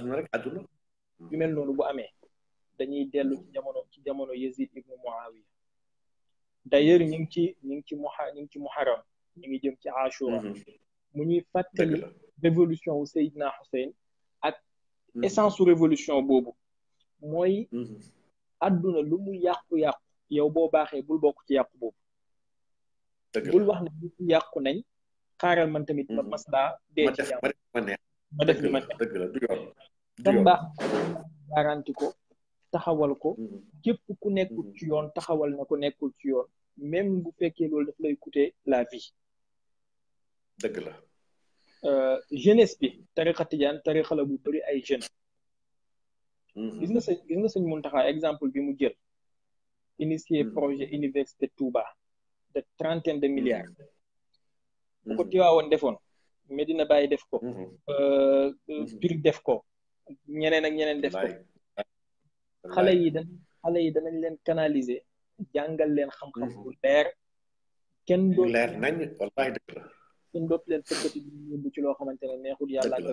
yu mel noonu bu amee dañuy dellu ci jamono ci jamono Yazid ibnu Muawiya d'ailleurs ñu ngi ci ñu ngi ci muha ñu ngi ci muharam ñu ngi jëm ci ashura mhm. mu fàttali révolution au Seydina Hussein mm-hmm. essence révolution boobu mooy mm-hmm. àdduna lu mu yàqu-yàqu yow boo baaxee bul bokk ci yàqu boobu bul wax xaaral man tamit ma mm-hmm. ma def baax garanti taxawal ko ku même bu la vie dëgg la. Euh, jeunesse bi tarixa tijaan tarixa la bu bëri ay jeunes. Mhm. gis nga sëñ gis nga exemple bi mu jël. initier mhm. projet université Touba de trentaine de mhm. milliards. bu ko Tiwaawoon defoon. Medina Baye def ko. Pire euh, euh, def ko. ñeneen ak ñeneen def ko. xale yi dañ xale yi danañ leen canaliser jàngal leen xam-xam bu leer. kenn doo leer nañ wallahi dëgg la. suñ bopp leen fëkkati di ci loo xamante ne neexul yàlla ak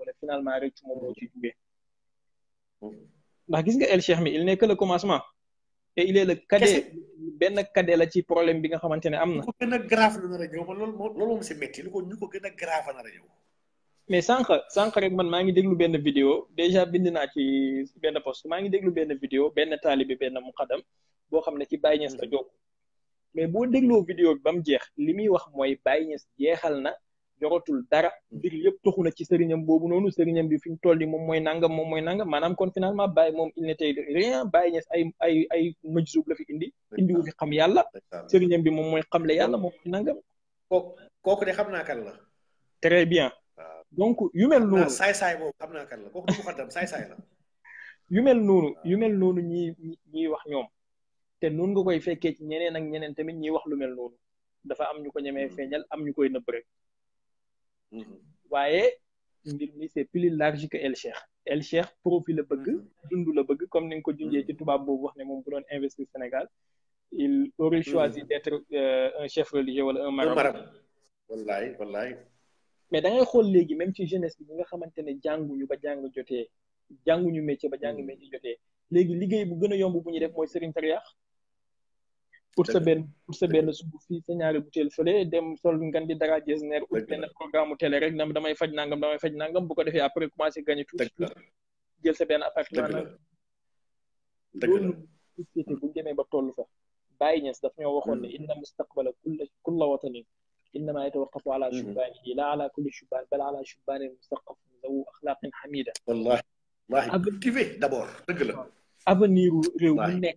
wala finalement rek ci moom moo ci jugee hmm. ndax gis nga El Cheikh mi il n'est la commencement et il est le benn cadet la ci problème bi nga xamante ne am na. lu ko gën a grave a ñëw si métti ko ñu ko gën a mais sànq sànq rek man maa ngi déglu benn vidéo déjà bind naa ci benn post maa ngi déglu benn vidéo benn taalibi benn muqadam boo xam ne ci Baye Niass la jokk. mais boo dégloo vidéo bi ba mu jeex li muy wax mooy Baye Niass jeexal na joratul dara mm. mbir yëpp toxu na ci sëriñam boobu noonu sëriñam bi fi ñu toll nii moom mooy nangam mooy nangam maanaam kon moom il n'était rien Baye ay ay la fi indi indi wu xam yàlla sëriñam bi moom mooy xamle yàlla moom nangam kooku kooku de xam naa kan la très bien donc yu mel noonu ah, saay-saay xam naa kan la kooku du saay-saay yu mel noonu yu mel noonu ñi wax ñoom te nun nga koy fekkee ci ñeneen ak ñeneen tamit ñi wax lu mel noonu dafa am ñu ko ñemee mm-hmm. feeñal am ñu koy nëbb rek mm-hmm. waaye mbir mi c'est plus large que El Cheikh El Cheikh profit la bëgg mm-hmm. dund la bëgg comme ni nga ko junjee ci tubaab boobu wax ne moom bu doon investir Sénégal il aurait choisi d'être euh, un chef religieux wala un marabout wallaay wallaay mais da ngay xool léegi même ci jeunesse bi nga xamante ne jànguñu ba jàng jotee jànguñu métier ba jàng métier jotee léegi liggéey bu gën a yomb bu ñu def mooy Serigne tariyaax pour sa ben pour sa benn subu fii sa ñaari butéel fële dem sol ngan di dara jees neer ut benn programme télé rek nam damay faj nangam damay faj nangam bu ko defé après commencer gagner tout jël sa ben appartement nak deug société bu démé ba tollu fa bàyyi ñes daf ñoo waxoon ne inna mustaqbala kull kulla watanin innama yatawaqqafu ala shubbaanihi la ala kulli shubbaan bal ala shubbaanin mustaqafun zawu axlaaqin hamida wallahi wallahi cultivé d'abord dëgg la avenir réew mu nekk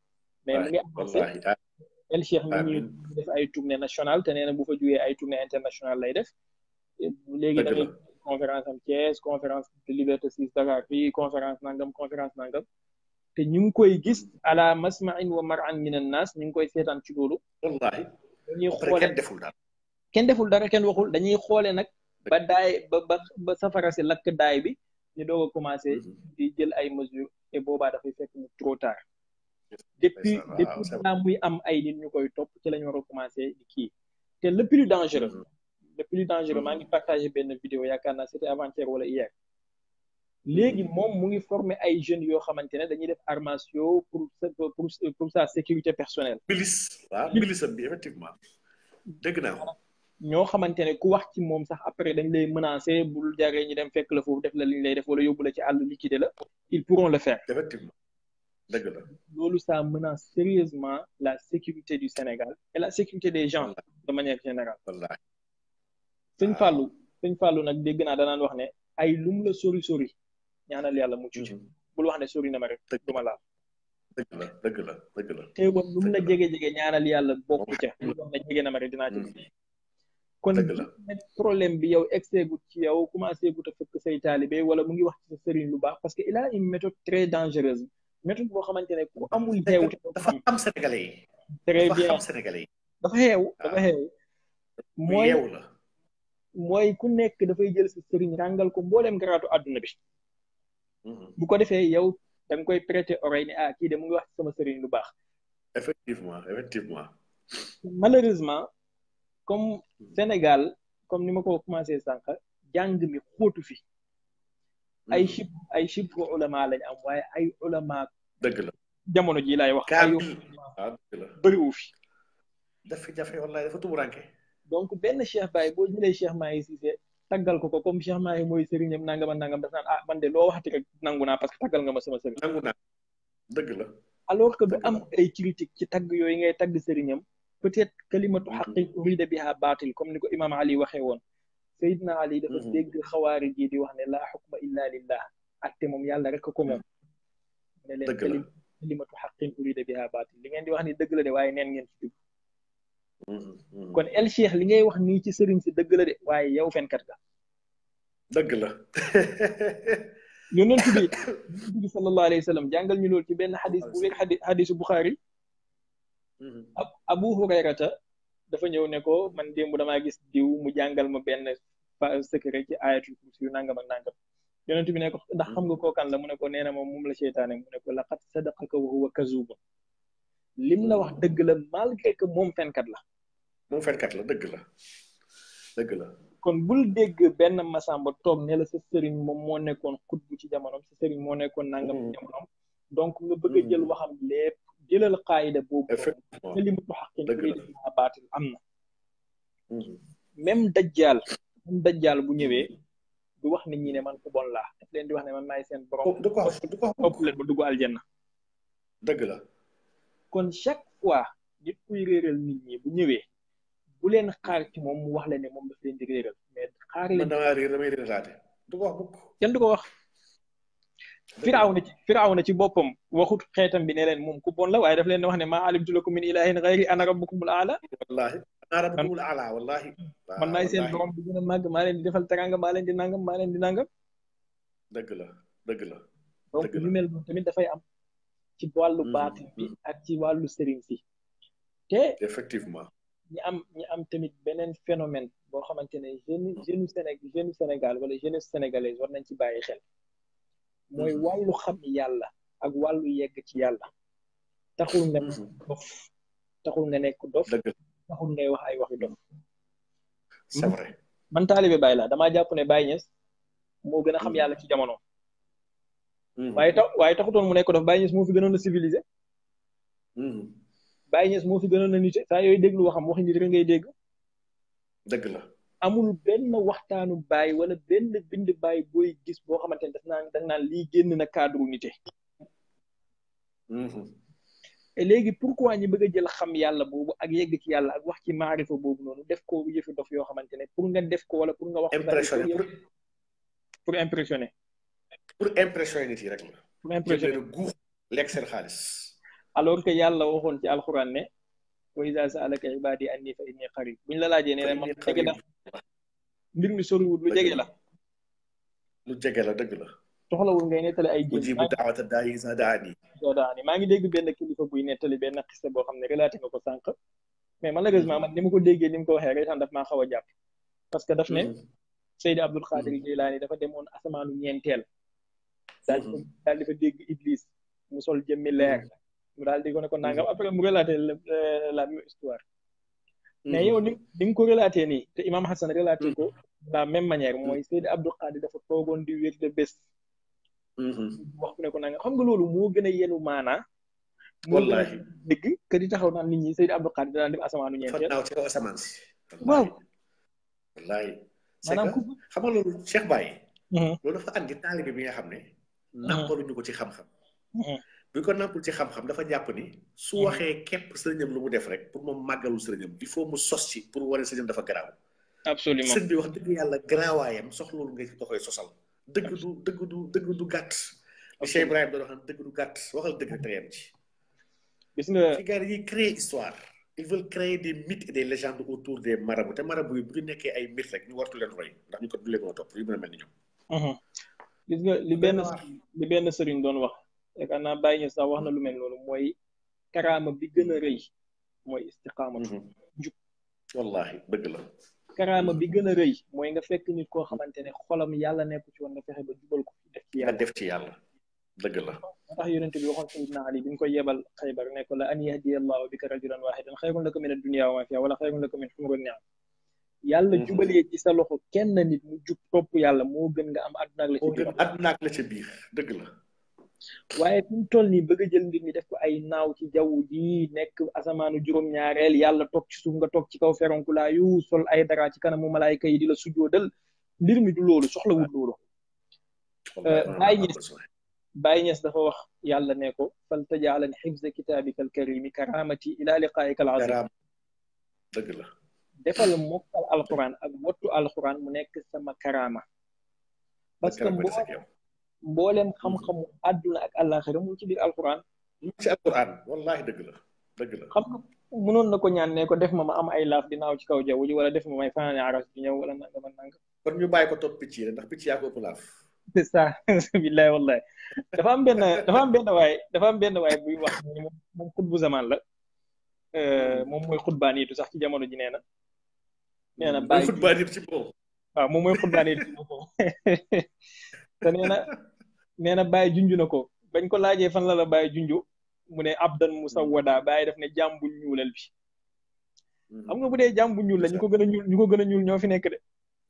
mais mu ngi avancé ah. El Cheikh mi ñuy def ay tournée nationale te nee na bu fa jógee ay tournée internationale lay def léegi da ngay conférence am Thiès conférence de Liberté 6 Dakar fii conférence nangam conférence nangam te ñu ngi koy gis ala masma'in wa mar'an min an-nas ñu ngi koy seetaan ci loolu wallaahi dañuy xoole deful dara kenn deful dara kenn waxul dañuy xoole nag ba daay ba ba ba safara si lakk daay bi ñu doog a commencé mm-hmm. di jël ay mesures et boobaa dafay fekk mu trop tard Ben, depuis depuis naa muy am ay nit ñukoy top ci lañu recommencer di ki té le plus dangereux mm-hmm. le plus dangereux mangi mm-hmm. partager ben vidéo yakarna c'était avant-hier wala hier légui mom mm-hmm. mu ngi former ay jeunes yo xamante dañuy def armatio pour pour pour sa sécurité personnelle bilis waaw bilisam bi effectivement dëgg naa ko ñoo ku wax ci mom sax après dañ lay menacer bu jaree ñu dem fekk la fofu def la liñ lay def wala yobul la ci àll liquide la ils pourront le faire effectivement dëgg la loolu ça menace sérieusement la sécurité du Sénégal et la sécurité des gens de manière générale. wallaahi sëñ ah. Fallou sëñ Fallou nag dégg naa danaan wax ne ay lum la sori sori ñaanal yàlla mucc ci mm-hmm. bul wax ne sori na ma te du ma laal. dëgg dëgg la dëgg la. tey moom lum la jege jege ñaanal yàlla bokku ca. bul wax ne jege na ma mm-hmm. kon problème bi yow excès gut ci yow commencé gut a fëkk say taalibe wala mu ngi wax ci sa sëriñ lu baax parce que il a une méthode très dangereuse. méthode boo xamante ne ku amul yeewu. dafa am Sénégalais yi. très bien dafa am dafa yeewu ah. dafa yeewu. mooy mooy ku nekk dafay jël sa sëriñ ràngal ko booleem garaatu àdduna bi. Mhm. bu ko defee yow da koy prêter oreille ne ah kii de mu ngi wax sama sëriñ lu baax. effectivement effectivement. malheureusement comme mhm. Sénégal comme ni ma ko commencé sànq jàng mi xóotu fi. ay xib ay xibru ulama lañ am waaye ay ulama dëgg la jamono ji laay wax ay ah, bëriwu fi dafa jafe wallaay dafa tumuranke donc benn Cheikh Baye boo jëlee Cheikh Mahi Cissé taggal ko ko comme Cheikh Mahi mooy sëriñam nangam nangam daf naan ah man de loo waxati rek nangu naa parce que taggal nga ma sama sëriñ nangu naa dëgg la alors que du am ay critique ci tagg yooyu ngay tagg sëriñam peut-être kalimatu mm-hmm. xaqi urida biha baatil comme ni ko imam Ali waxee woon Seydina Ali dafa mhm. dégg xawaari ji di wax ne laa xukma illa lillah atte moom yàlla rek ko moom ne leen kalimatu xaqin urida biha baatil li ngeen di wax ni dëgg la de waaye neen ngeen ci dugg mhm, mhm. kon el cheikh li ngay wax nii ci sëriñ si dëgg la de waaye yow fenkat ga dëgg la yonent bi jàngal ñu loolu ci benn xadis bu wér ñëw ne ko man démb damaa gis diw mu jàngal ma benn secret ci ayatul kursi yu nanga ak nangam yonent bi ne ko ndax xam nga kookan la mu ne ko nee na moom moom la seytaane mu ne ko laqad sadaqaka wa huwa kazuba lim la wax dëgg la malgré que moom fenkat la moom fenkat la dëgg la dëgg la kon bul dégg benn masamba toog ne la sa sëriñ moom moo nekkoon xutbu ci jamonoom sa sëriñ moo nekkoon nangam ci mm. jamonoom donc nga bëgg mm. jël waxam lépp jëlal xaayida boobu na li mutu xaqin lay def naa baatil am na mm. même dajjaal da dajjaal bu ñëwee du wax nit ñi ne man ku bon laa daf leen di wax ne man maay seen borom. du ko wax du ko wax ëpp leen ba dugg aljanna. dëgg la. kon chaque fois nit kuy réeral nit ñi bu ñëwee bu leen xaar ci moom mu wax leen ne moom daf leen di réeral mais xaar leen. man damaa réer du ko wax ko wax. firaaw na ci firaaw la waaye naa rabbul ala wallahi man naay seen doom bi maa leen di defal teranga maa leen di nangam maa leen di nangam dëgg la dëgg la donc ñu tamit dafay am ci wàllu baati ci wàllu sëriñ si te effectivement ñi am ñi am tamit beneen phénomène boo xamante ne jeune jeune Séné jeune Sénégal wala jeunesse sénégalaise war nañ ci bàyyi xel mooy wàllu xam yàlla ak wàllu yegg ci yàlla taxul nga nekk dof taxul nga nekk dof taxul ngay wax ay wax yu dof c'est vrai man taalibe Baye laa damaa jàpp ne Baye moo gën a xam mm. yàlla ci jamono. Mm-hmm. waaye tax waaye taxutoon mu nekk dof Baye moo fi gënoon a civilisé. Mm-hmm. Baye Niass moo fi gënoon a nite saa yooyu déglu waxam waxi nit rek ngay dégg. dëgg la amul benn waxtaanu Baye wala benn bind Baye booy gis boo xamante ne daf naan daf naan lii génn na cadre nite. Mm-hmm. et léegi pourquoi ñi bëgg a jël xam yàlla boobu ak yegg ci yàlla ak wax ci maarifa boobu noonu def ko yëfi dof yoo xamante ne pour nga def ko wala pour nga wax. impressionné pour impressionner. pour impressionner nit yi rek la. pour impressionner guux lekk seen xaalis. alors que yàlla waxoon ci alxuraan ne. sa wa iza sa'alaka ibaadi anni fa inni qarib buñ la laajee ne ma jege la mbir mi soriwul lu jege la. lu jege la dëgg la. soxlawul ngay nettali ay ji bu daawata daayi sa daani soo daani maa ngi dégg benn kilifa buy nettali benn xiste boo xam ne relaté nga ko sànq mais malheureusement mm-hmm. man ni ma ko déggee ni mu ko waxee reetaan daf maa xaw a jàpp parce que daf ne mm-hmm. Seydi Abdul Xaadir mm-hmm. Jilaani dafa demoon asamaanu ñeenteel daal daal di fa dégg Iblis mu sol jëmmi leer mu daal di ko ne ko nangam après mu relaté la euh, même histoire mais yow ni ni nga ko relaté nii te Imam Hassan relaté ko la même manière mooy Seydi Abdul Xaadir dafa toogoon di wér de bés Mm-hmm. wax ku ne ko nanga xam nga loolu moo gën a yenu maanaa wallaahi dëgg que di taxaw naan nit ñi Seydou Abdou Khadre danaan dem asamaanu ñeenteel naaw ci kaw asamaan si waaw wallaahi xam nga loolu Cheikh Baye mm-hmm. loolu dafa bi nga xam ne mm-hmm. nàmpaluñu ko ci xam-xam bi ko nàmpul ci xam dafa jàpp ni su waxee képp sëriñam lu mu def rek pour moom màggalul sëriñam il faut mu sos ci pour wane sëriñam dafa garaaw absolument sëñ bi wax dëgg yàlla garaawaayam soxloolu nga ko koy sosal dëgg du dëgg du dëgg du gàtt. li Cheikh Ibrahima doon xam dëgg du gàtt waxal dëgg te yem ci. gis nga ci gars yi créer histoire. ils veulent créer des mythes et des légendes autour des marabouts te marabout yi bu ñu nekkee ay mythes rek ñu wartu leen roy ndax ñu ko du leen topp yu mën a mel ni ñoom. Mhm. gis nga li benn li benn sëriñ doon wax yaakaar naa bàyyi ñu sax wax na lu mel noonu mooy karaama bi gën a rëy mooy istiqaama. njub mhm. wallaahi dëgg la. karama bi gëna reuy moy nga fekk nit ko xamantene xolam yàlla nekk ci won nga fexe ba jubal ko def ci yàlla def ci yàlla deug la tax yoonent bi waxon sayidna ali bi ngi koy yebal khaybar ne ko la an yahdi allah bika rajulan wahidan khaybun lakum min ad-dunya wa ma fiha wala khaybun lakum min xumru niam yàlla jubalee ci sa loxo kenn nit mu jub top yàlla mo gën nga am addunaak la ci biir addunaak la ci biir dëgg la waaye fi mu toll nii bëgg jël mbir mi def ko ay naaw ci jaww ji nekk asamaanu juróom-ñaareel yàlla toog ci suuf nga toog ci kaw feronkulaayu sol ay dara ci kanamu malaayka yi di la sujjoodal mbir mi du loolu soxla euh, loolu Baay Ñas Baay Ñas dafa wax yàlla ne ko fal tajaalan xibsa kitaabika alkarimi karamati ila liqaayika alazim dëgg la defal mokkal alquran ak wattu alquran mu nekk sama karama parce que mbooleem mhm. xam-xamu xam àdduna ak àllaaxira mu ci biir alquran. mu ci alquran wallaahi dëgg la xam nga mënoon na ko ñaan ne ko def ma ma am ay laaf dinaaw ci kaw jaw ji wala def ma may fanaane aras bi ñëw wala nanga ma nanga. kon ñu bàyyi ko topp picc yi ndax picc yaa ko ëpp laaf. c'est ça billahi dafa am benn dafa am benn waay dafa am benn waay buy wax moom xutbu zaman la euh, mm. moom mooy xutbaaniitu sax ci jamono ji nee na. nee na mm. bàyyi xutbaaniitu ci boobu. waaw moom mooy xutbaaniitu ci boobu te nee nee na bàyyi junj na ko bañ ko laajee fan la la bàyyi junj mu ne abdan musawwada mm-hmm. bàyyi def ne jàmm bu ñuulal bi mm-hmm. xam bu dee jàmm ñuul la ñu gën a ñuul ñu ko gën a ñoo fi nekk de.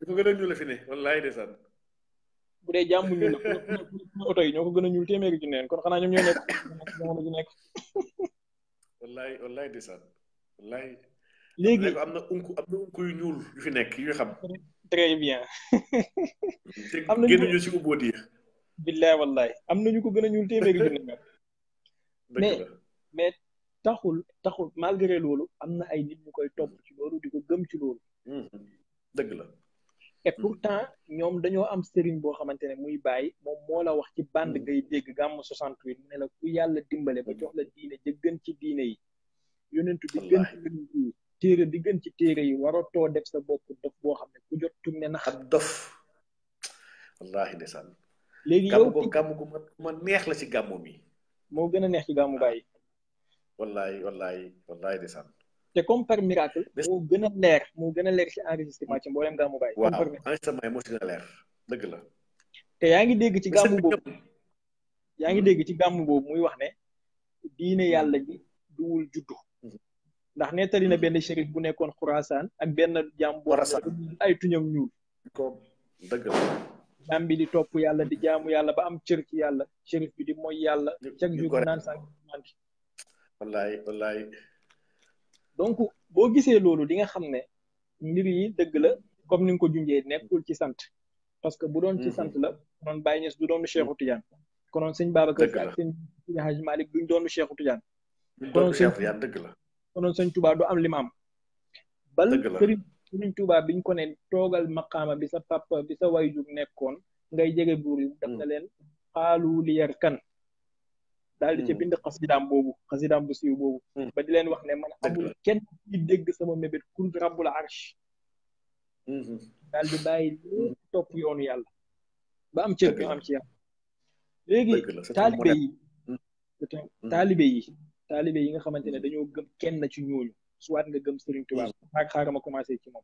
ñu ko gën la fi ne wallaahi bu dee jàmm yi ñoo gën a ñuul téeméeri ju neen kon xanaa ñoom nekk jamono ju nekk. wallaahi am na unku am ñuul yu fi nekk yu xam. très bien. am na ñu génn ñu si ubboodi billaay wallaay am na ñu ko gën a ñuul téeméeri junni ñoom mais mais taxul taxul malgré loolu am na ay nit ñu koy topp ci loolu di ko gëm ci loolu hmm. dëgg la et pourtant ñoom dañoo am sëriñ boo xamante ne muy bàyyi moom moo la wax ci bande hmm. ngay dégg gàmm 68 mu ne la ku yàlla dimbale ba jox la diine jëggën ci diine yi yonentu di gën ci yonent yi téere di gën ci téere yi waratoo def sa bopp dof boo xam ne ku jot tum ne nax ab dof wallaahi léegi yow gàmm gàmm gu ma neex la ci gàmmu mi. moo gën a neex ci gàmmu gaay yi. wallaay wallaay wallaay te comme par miracle. moo gën a leer moo gën a leer ci enregistrement ci mboolem gàmmu gaay yi. waaw enregistrement yi moo ci gën dëgg la. te yaa ngi dégg ci gàmmu boobu. yaa ngi hmm. dégg ci gàmmu boobu muy wax ne. diine hmm. yàlla ji duwul juddu. Hmm. ndax nettali na benn shérif bu nekkoon Xuraasaan ak benn jàmm. ay tuñam ñuul. dëgg la. jaam bi di topp yàlla di jaamu yàlla ba am cër ci yàlla shérif bi di mooy yàlla cag jur naan sànq manti wallaay wallaay donc boo gisee loolu di nga xam ne mbir yi dëgg la comme ni nga ko junjee nekkul ci sant parce que bu doon ci mm-hmm. sant la konoon Baye Niass du doonu Cheikhu mm-hmm. Tidiane konoon sëñ Babacar Sy ak sëñ Haj Malick duñ doonu Cheikhu Tidiane konoon du am limaam bal Sëriñ Tuubaa biñ ko ne toogal maqaama bi sa papa bi sa way wayjur nekkoon ngay jege buur yi daf na mm. leen xaalu li kan daal di ca mm. bind xasidaam boobu xasidaam bu siiw boobu mm. ba di leen wax ne man amul kenn ci dégg sama mébét kun rabbul arsh mm-hmm. daal di bàyyi lépp topp yoonu yàlla ba am cër ñu am ci yàlla léegi taalibe yi taalibe yi taalibe yi nga xamante ne dañoo gëm kenn ci ñooñu soit nga gëm Serigne Touba mm-hmm. xaar xaaral commencé ci moom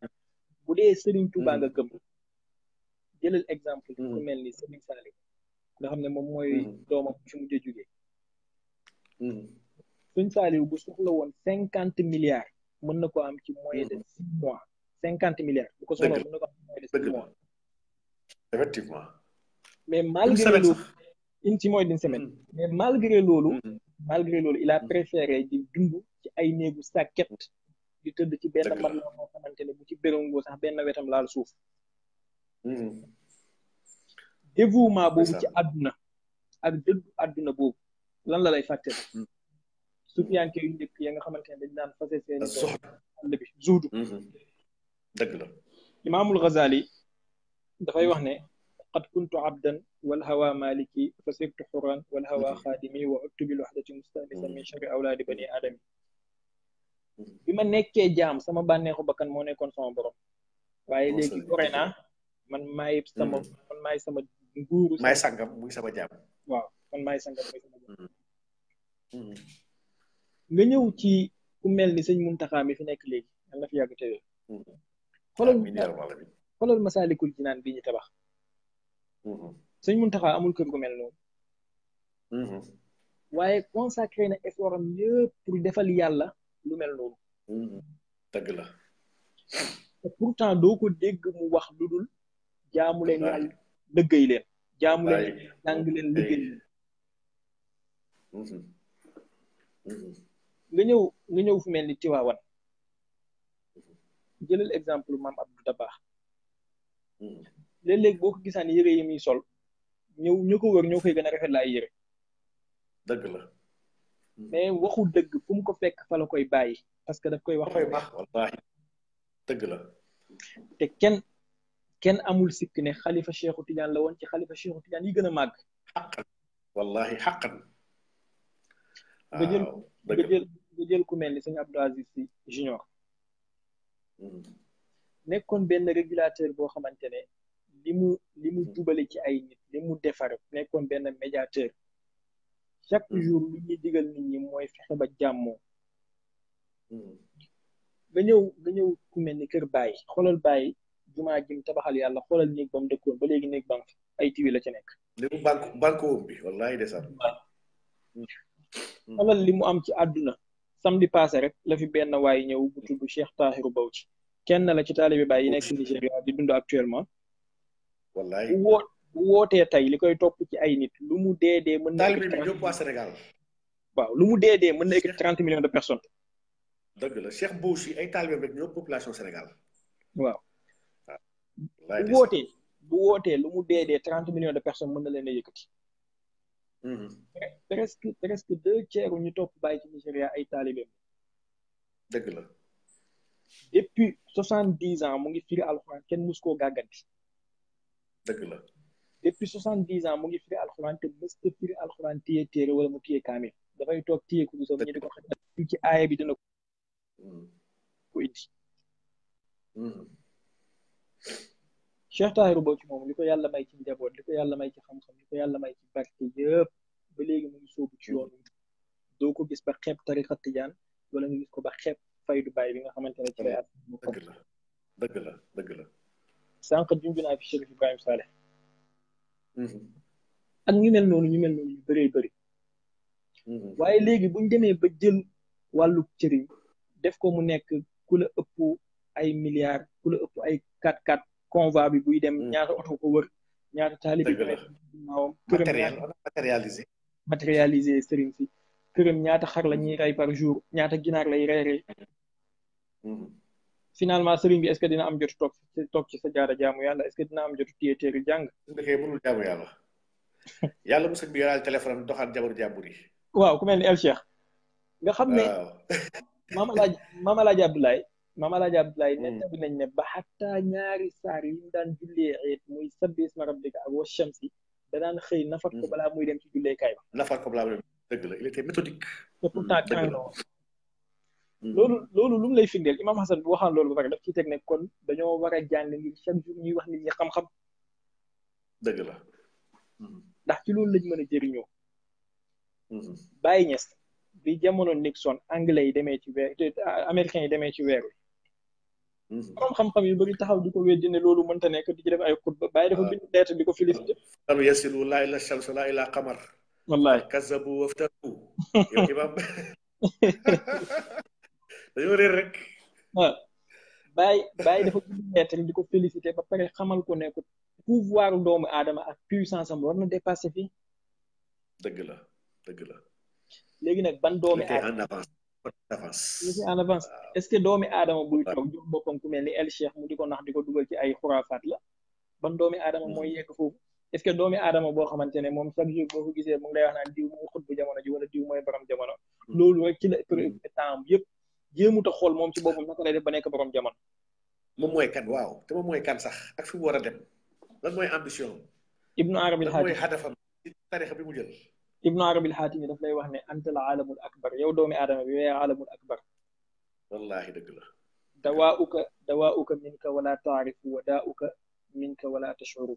bu dee Serigne Touba nga gëm jëlal exemple ku mm-hmm. mel ni Serigne Saliou nga xam ne moom mooy mm-hmm. doomam ci mujj a jugee Serigne Saliou bu soxla woon cinquante milliards mën na ko am ci moyen de six mois cinquante milliards bu ko soxla mën na ko am ci moyen de six mois effectivement mais malgré in ci mooy d'une semaine mm. mais malgré loolu mm. malgré il a mm. préféré di dund ci ay néegu sàkket di tëdd ci benn matelas boo xamante ne bu ci bérongoo sax benn wetam laal suuf dévouement boobu ci àdduna ak dëddu àdduna boobu lan la lay fàttali sufiyanke yu njëkk ya nga xamante ne dañ daan fase seen àll bi zuudu mm-hmm. dëgg imaamul Ghazali dafay wax ne qad kuntu abdan walhawa maliki fa sirtu xuran walhawa xaadimi mm-hmm. wa uttu bil waxdati mustanisa min shari awlaadi bani mm-hmm. aadami mm-hmm. bi ma nekkee jaam sama bànneexu bakkan moo nekkoon sama borom waaye léegi gore man maay sama man maay sama nguuru maay sangam muy sama jaam waaw man maay sangam nga ñëw ci ku mel ni sëñ Muntaxa mi fi nekk léegi yàlla na fi yàgg tewee xoolal xoolal masaalikul jinaan bii tabax Mm-hmm. sëñ Muntaxa amul kër gu mel noonu. Mm-hmm. waaye consacré na effort am yëpp pour defal yàlla lu mel noonu. Mm-hmm. dëgg la. te pourtant doo ko dégg mu wax lu dul jaamu leen yàlla dëggay jaamu leen jàng leen liggéey nga ñëw nga ñëw fu mel ni Tiwaawan jëlal exemple maam Abdou Dabakh. léeg-léeg boo ko gisaan yére yi muy sol ñëw ñu ko wër ñoo koy gën a rafet la ay yére dëgg la mais waxu dëgg fu mu ko fekk fa la koy bàyyi parce que daf koy wax wallaahi dëgg la te kenn kenn amul sikk ne xalifa cheikhu tidiane la woon ci xalifa cheikhu tidiane yi gën a màgg xaqan wallahi xaqan nga jël nga jël nga jël ku mel ni sëñ Abdou Aziz Sy junior nekkoon benn régulateur boo xamante ne li mu li mu hmm. jubale ci ay nit li mu defar nekkoon benn médiateur chaque hmm. jour lu ñuy digal nit ñi mooy fexe ba jàmmoo hmm. ga ñëw nga ñëw ku mel ni kër bàyyi xoolal bàyyi jumaa jim tabaxal yàlla xoolal néeg ba mu dëkkoon ba léegi néeg banque ay tiwi la ci nekk li mu banque banque wóom bi wallaahi desar xoolal li mu am ci àdduna samedi passé rek la fi benn waay ñëw bu tudd Cheikh Tahiru Bawci kenn la ci taalibe Baay yi nekk Nigéria di dund actuellement wallaay woo wootee tey li koy topp ci ay nit lu mu dee dee mën na. taalibe bi yëpp waa Sénégal. waaw lu mu dee dee mën na yëkkati trente de personnes. dëgg la Cheikh Bouchi ay taalibe bi ñoo population Sénégal. waaw. waaw bu wootee bu wootee lu mu dee dee trente million de personnes mën na leen a yëkkati. Mhm. presque presque deux tiers ñu topp bàyyi ci Nigéria ay taalibeem. dëgg la. depuis soixante dix ans mu ngi firi alxuraan kenn mus koo gàgganti. dëgg depuis 70 ans mo ngi firi alcorane te bés te firi alcorane téye téere wala mu téye kaamil dafay toog téye ku gisam ñu di ko xëy ci aaya bi dina ko ko indi Cheikh tahir bo ci mom liko yàlla may ci njaboot liko yàlla may ci xam-xam liko yàlla may ci barke yëpp ba léegi mu ngi sóobu ci yoon do ko gis ba xeeb tariqa tidiane wala nga gis ko ba xeeb faydu bay bi nga xamantene ci lay at dëgg la deug la deug la sànq junj naa fi Chérif Ibrahima Saleh mhm. ak ñu mel noonu ñu noonu ñu bëree bëri mhm. waaye léegi buñ demee ba jël wàllu cëriñ def ko mu nekk ku la ëpp ay milliards ku la ëpp ay 4x4 bi buy dem mhm. ñaata oto ko wër ñaata taalibi naawam matérialisé matérialisé sëriñ si këram ñaata xar la ñuy rey par jour ñaata ginaar lay reeree finalement sëriñ bi que dina am jotu toog toog ci sa jaara jaamu yàlla est-ce que dina am jotu téye téere jàng. ndekee mënul jaamu yàlla yàlla musul bi yoraale téléphone doxaan jabaru jàmbur yi. waaw ku mel ni El Cheikh. nga xam ne maam El Hadj maam El Hadj Abdoulaye. maam El Hadj Abdoulaye. Hmm. nettali nañ ne ne ba xataa ñaari saar yi mu daan jullee eet muy sabbi isma rabbika ak wa shamsi. da daan xëy nafar ko hmm. balaa muy dem ci julleekaay ba. nafar ko la il était méthodique. Mm-hmm. loolu loolu lu mu lay firndeel imam Hassan bu waxaan loolu ba pare daf ciy teg ne kon dañoo war a jàng ngir chaque jour ñuy wax nit ñi xam-xam. dëgg la. Mm-hmm. ndax ci loolu lañ mën a jëriñoo. Mm-hmm. Baye Niass bi jamono Nixon anglais yi demee ci weer américains yi demee ci weer wi. borom xam-xam yu bari taxaw di ko weddi ne loolu mënta nekk di ci def ay xutba Baye dafa ah. bind lettre di ko félicité. am yasiru laa ila shamsu laa ila qamar. wallaay kazabu waftaru yow dañoo réer rek. waaw ah. Baye Baye dafa gën tamit di ko féliciter ba pare xamal ko ne ko pouvoir doomu aadama ak puissance am war na dépasser fii. dëgg la dëgg la. léegi nag ban doomi aadama en avance est-ce que doomi aadama buy toog ni El mu di ko nax di dugal ci ay xuraafaat la ban doomi aadama mooy hmm. yegg foofu est que doomi aadama boo xamante ne moom chaque jour boo ko gisee mu ngi diw mu ngi bu jamono ji wala diw mooy borom jamono hmm. loolu rek ci la hmm. préoccupé yëpp jéemut a xool moom ci boppam naka lay def ba nekk borom jamono. moom mooy kan waaw te moom mooy kan sax ak fi mu war a dem lan mooy ambition. ibnu arabi al xaatimi mooy hadafam ci tarixa bi mu jël. ibnu arabi al xaatimi daf lay wax ne anta la alamul akbar yow doomi aadama bi yow alamul akbar. wallahi dëgg la. dawaa'uka dawaa'uka minka wala taarifu wa daa'uka minka wala tashuru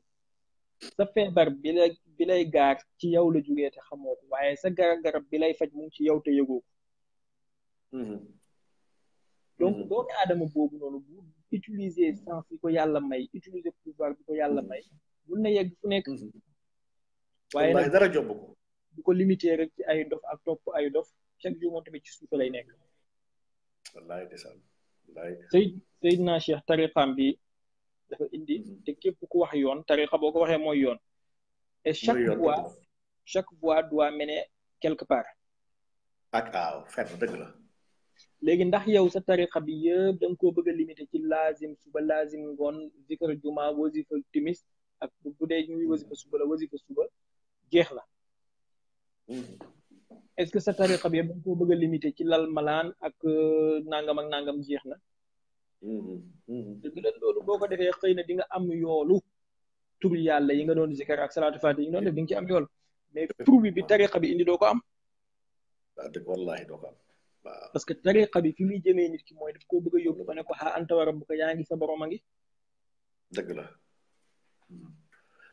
sa feebar bi lay bi lay gaar ci yow la jugee te xamoo ko waaye sa garab garab bi lay faj mu ngi ci yow te yëgoo ko. donc mm-hmm. doomu aadama boobu noonu bu utiliser sens bi ko yàlla may utiliser pouvoir bi ko yàlla may mm-hmm. mun na yegg fu nekk mm-hmm. waaye nag dara jomb ko bu ko limiter rek ci ay dof ak topp ay dof chaque jour moom ci suuf lay nekk wallaay desal sëy Seydina Cheikh tariqam bi dafa indi te képp ku wax yoon tariqa boo ko waxee mooy yoon et chaque voie chaque voie doit mener quelque part ak aaw fenn dëgg la léegi ndax yow sa tarixa bi yëpp da nga koo bëgg a limité ci laazim suba laazim ngoon zikar juma wasifa timis ak bu dee ñuy wasifa suba la wasifa suba jeex la est-ce que sa tarixa bi yëpp da nga koo bëgg a limité ci lal malaan ak nangam ak nangam jeex na dëgg la loolu boo ko defee xëy na di nga am yoolu tur yàlla yi nga doon zikar ak salaatu fati yi nga doon def di nga ci am yool mais tur bi bi tarixa bi indi doo ko am. waaw dëgg wallaahi doo ko am. parce que ta tariqa bi fi muy jëmee nit ki mooy daf koo bëgg ne ko xaa anta wa rabbuka yaa ngi sa borom a ngi. dëgg la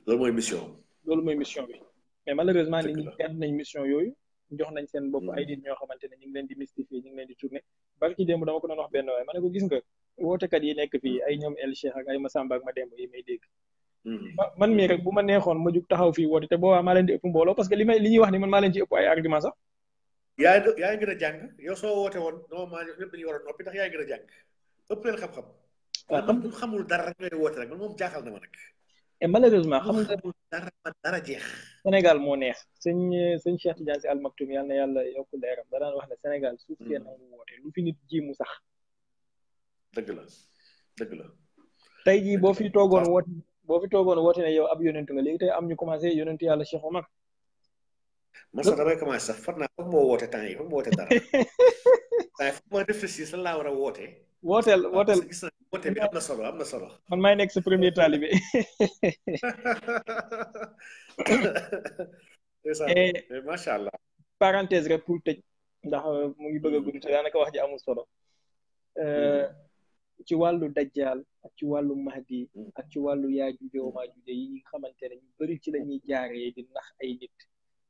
loolu mooy mission. loolu bi mais malheureusement nit ñi nañ mission yooyu jox nañ seen bopp ay hmm. nit ñoo xamante ne ñu ngi leen di mystifier ñu ngi leen di tourner barki démb dama ko doon wax benn waay ma ko gis nga wootekat yi nekk fii ay ñoom El Cheikh a ay Massamba ak Mademba yi may dégg. Hmm. man mii rek bu ma neexoon ma taxaw fii woote te boobaa maa leen di ëpp mbooloo parce yaay yaa ngi gën a jàng yow soo woote woon normalement ñëpp dañuy war a noppi ndax yaa ngi a jàng ëpp leen xam-xam. xam nga xamul dara rek ngay woote rek man moom jaaxal na ma nag. et eh, malheureusement xam nga dara dara jeex. Sénégal moo neex sëñ sëñ Cheikh Tidiane Sy Al Maktoum yal na yàlla yokk leeram da daan wax ne Sénégal suuf si nangu hmm. woote lu fi nit ji mu sax. dëgg la la. tey jii boo fi toogoon woote boo fi toogoon woote ne yow ab yonentu te léegi am ñu commencé yonentu yàlla Cheikh Omar man sax damay commencé sax far naa foog moo woote temps yi foog moo woote dara waaye woote. wooteel ah, wooteel gis naa woote bi am na solo am na solo. man maay nekk sa premier taalibe. Eh, macha allah. parenthèse rek pour tëj ndax euh, mu ngi bëgg a gudd te daanaka wax ji amul solo. Euh, mm-hmm. ci wàllu dajjaal ak ci wàllu mahdi mm-hmm. ak ci wàllu yaajuje wa maajuje yi nga xamante ne ci la ñuy jaaree di nax ay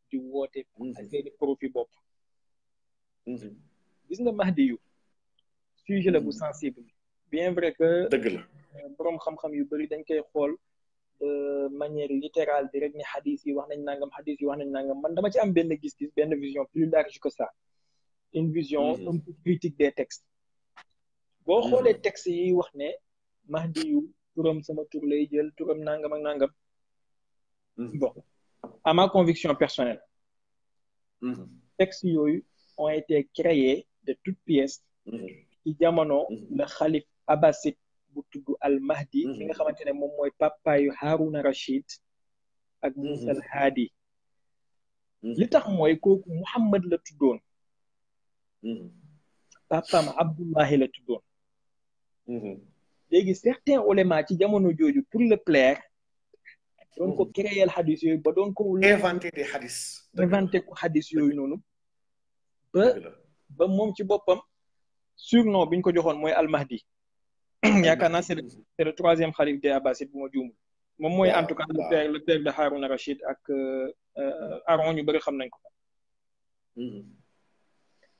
di woote ak mhm. seeni profit bopp mhm. gis nga Mahdi yu sujet la bu mhm. sensible bien vrai que dëgg la euh, boroom xam-xam yu bëri dañ koy xool de manière littérale di rek ne xadis yi wax nañ nangam xadis yi wax nañ nangam man dama ci am benn gis-gis benn vision plus large que sax une vision un peu critique des textes boo xoolee textes yi wax ne Mahdi yu turam sama tur lay jël turam nangam ak nangam bon à ma conviction personnelle, les mm-hmm. textes ont été créés de toutes pièces. Mm-hmm. ci jamono mm-hmm. le abbasid al mahdi qui nga Haroun le papa Haroun al Hadi la Papa certains pour le plaire doon ko créer xadis yooyu ba doon ko. inventé des xadis. inventé ko xadis yooyu noonu. ba ba moom ci boppam. surnom bi ñu ko joxoon mooy almahdi. yaakaar naa c' est le troisième xalif des Abbasides bu ma juumul. moom mooy en tout cas le père le père de Harouna Rachid ak Aaron ñu bëri xam nañ ko.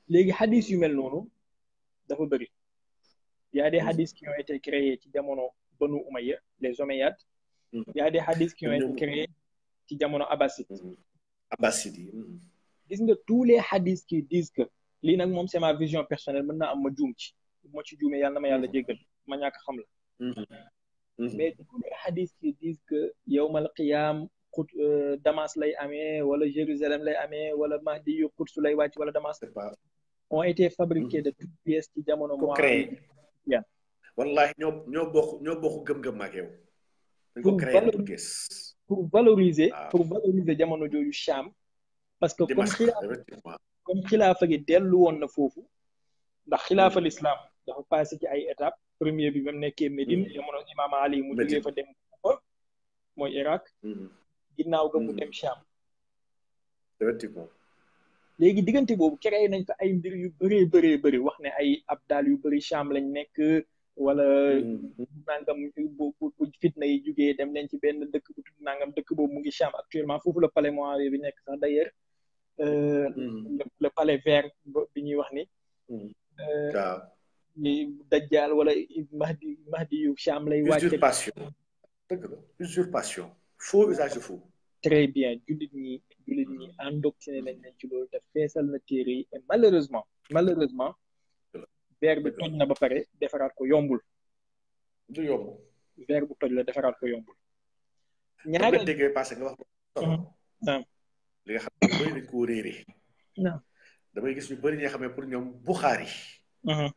léegi xadis yu mel noonu dafa bëri. y a des xadis qui ont été créés ci jamono Banu Umayya les Omeyyades. Mm-hmm. Il y a des hadiths qui été mm-hmm. créés ci jamono abbasside. Mm-hmm. abbasside yi. gis nga tous les hadiths qui disent que lii nag moom c'est ma vision personnelle mën naa am ma juum ci ma ci juumee yàlla na ma yàlla jéggal ma ñàkk xam la. mais tous les hadiths qui disent que yawmal qiyaam xut euh, Damas lay amee wala Jérusalem lay amee wala Mahdi yu Quds lay wàcc wala Damas. ont été fabriqués de toutes pièces ci jamono. moo créé wallahi ñoo ñoo bokk ñoo bokk gëm-gëm ak dañ ko créé pour gis pour valoriser ah. pour valoriser Cham parce que comme xilaafa comme xilaafa gi dellu woon na foofu ndax xilaafa hmm. l'islam dafa passé ci ay étapes premier bi ba mu nekkee Médine hmm. jamono imaam Ali mu fa dem Kufa mooy Irak hmm. ginnaaw ga mu Cham léegi diggante boobu créé nañ fa ay mbir yu bëree bëree bëri wax ne ay abdal yu bëri Cham lañ nekk wala mm-hmm. nangam bu bu fitna yi jugee dem leen ci benn dëkk bu tudd nangam dëkk boobu mu ngi Cham actuellement foofu le palais Mohamed bi nekk sax d'ailleurs mm-hmm. euh, le palais vert bi ñuy wax ni mm-hmm. euh, waaw dajjal wala Mahdi Mahdi yu Cham lay wàcce usurpation dëgg la usurpation faux usage faux très bien jullit ñi jullit ñi endoctriné nañ leen ci loolu te feesal na téere yi et malheureusement malheureusement verre bi toj na ba pare defaraat ko yombul. du yomb. verre bu toj la defaraat ko yombul. ñaareel déggee passé nga wax ko. Mm-hmm. Ah. li nga xam damay gis ñu bëri ñi nga xam ne pour ñoom Buxaari. Mm-hmm.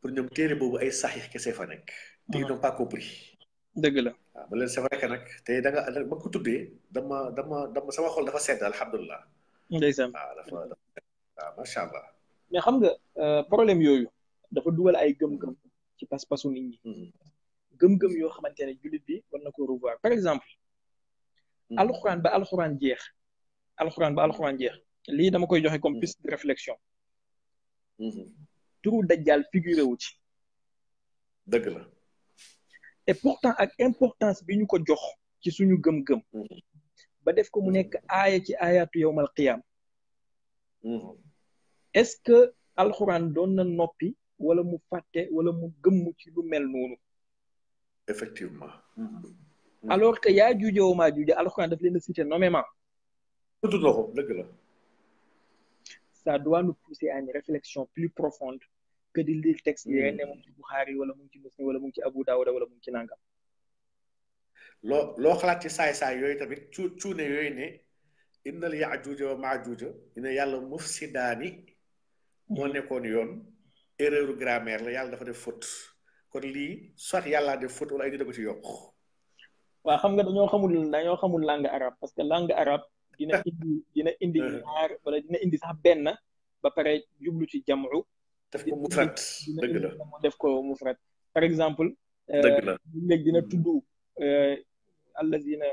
pour ñoom téere boobu ay saxiix kese fa nekk. te ñoom mm-hmm. pas compris. la waaw ah, ba leen nag tey da nga ba ko tuddee dama dama dama sama xol dafa sedd alhamdulilah. ndeysaan waaw ah, macha allah. mais xam nga euh, problème yooyu. dafa dugal ay gëm-gëm ci pas-pasu nit hmm. gëm-gëm yoo xamante ne jullit bi war na ko revoir par exemple hmm. alxuraan ba alxuraan jeex alxuraan ba alxuraan jeex lii dama koy joxe comme hmm. piste de réflexion turu dajjal figuré wu ci dëgg la et pourtant ak importance bi ñu ko jox ci suñu gëm-gëm ba def ko mu nekk aaya ci aayatu yowmal qiyaam est-ce que alxuraan doon na noppi wala mu fàtte wala mu gëmm ci lu mel noonu. effectivement. Mm-hmm. alors que yaa juuja woo maa juuja alxuraan daf leen a cité nommément. tudd dëgg la. ça doit nous pousser à une réflexion plus di lire texte yi mm-hmm. ne mu ngi ci wala mu ngi ci Muslim wala mu ngi ci Abu Dawuda wala mu ngi ci nangam. loo loo xalaat ci saay-saay yooyu tamit cu cuune yooyu ne innal yaajuuja wa maajuuja ne yàlla mufsidaani moo nekkoon yoon. erreur grammaire la yàlla dafa def faute kon lii soit yàllaa def faute wala ay nit ci yokk waaw xam nga dañoo xamul dañoo xamul langue arabe parce que langue arabe dina indi dina indi uh-huh. ñaar wala dina indi sax benn ba pare jublu ci jamu def ko mufrat la mu def ko mufrat par exemple euh, dëgg la léegi dina tudd euh, allazina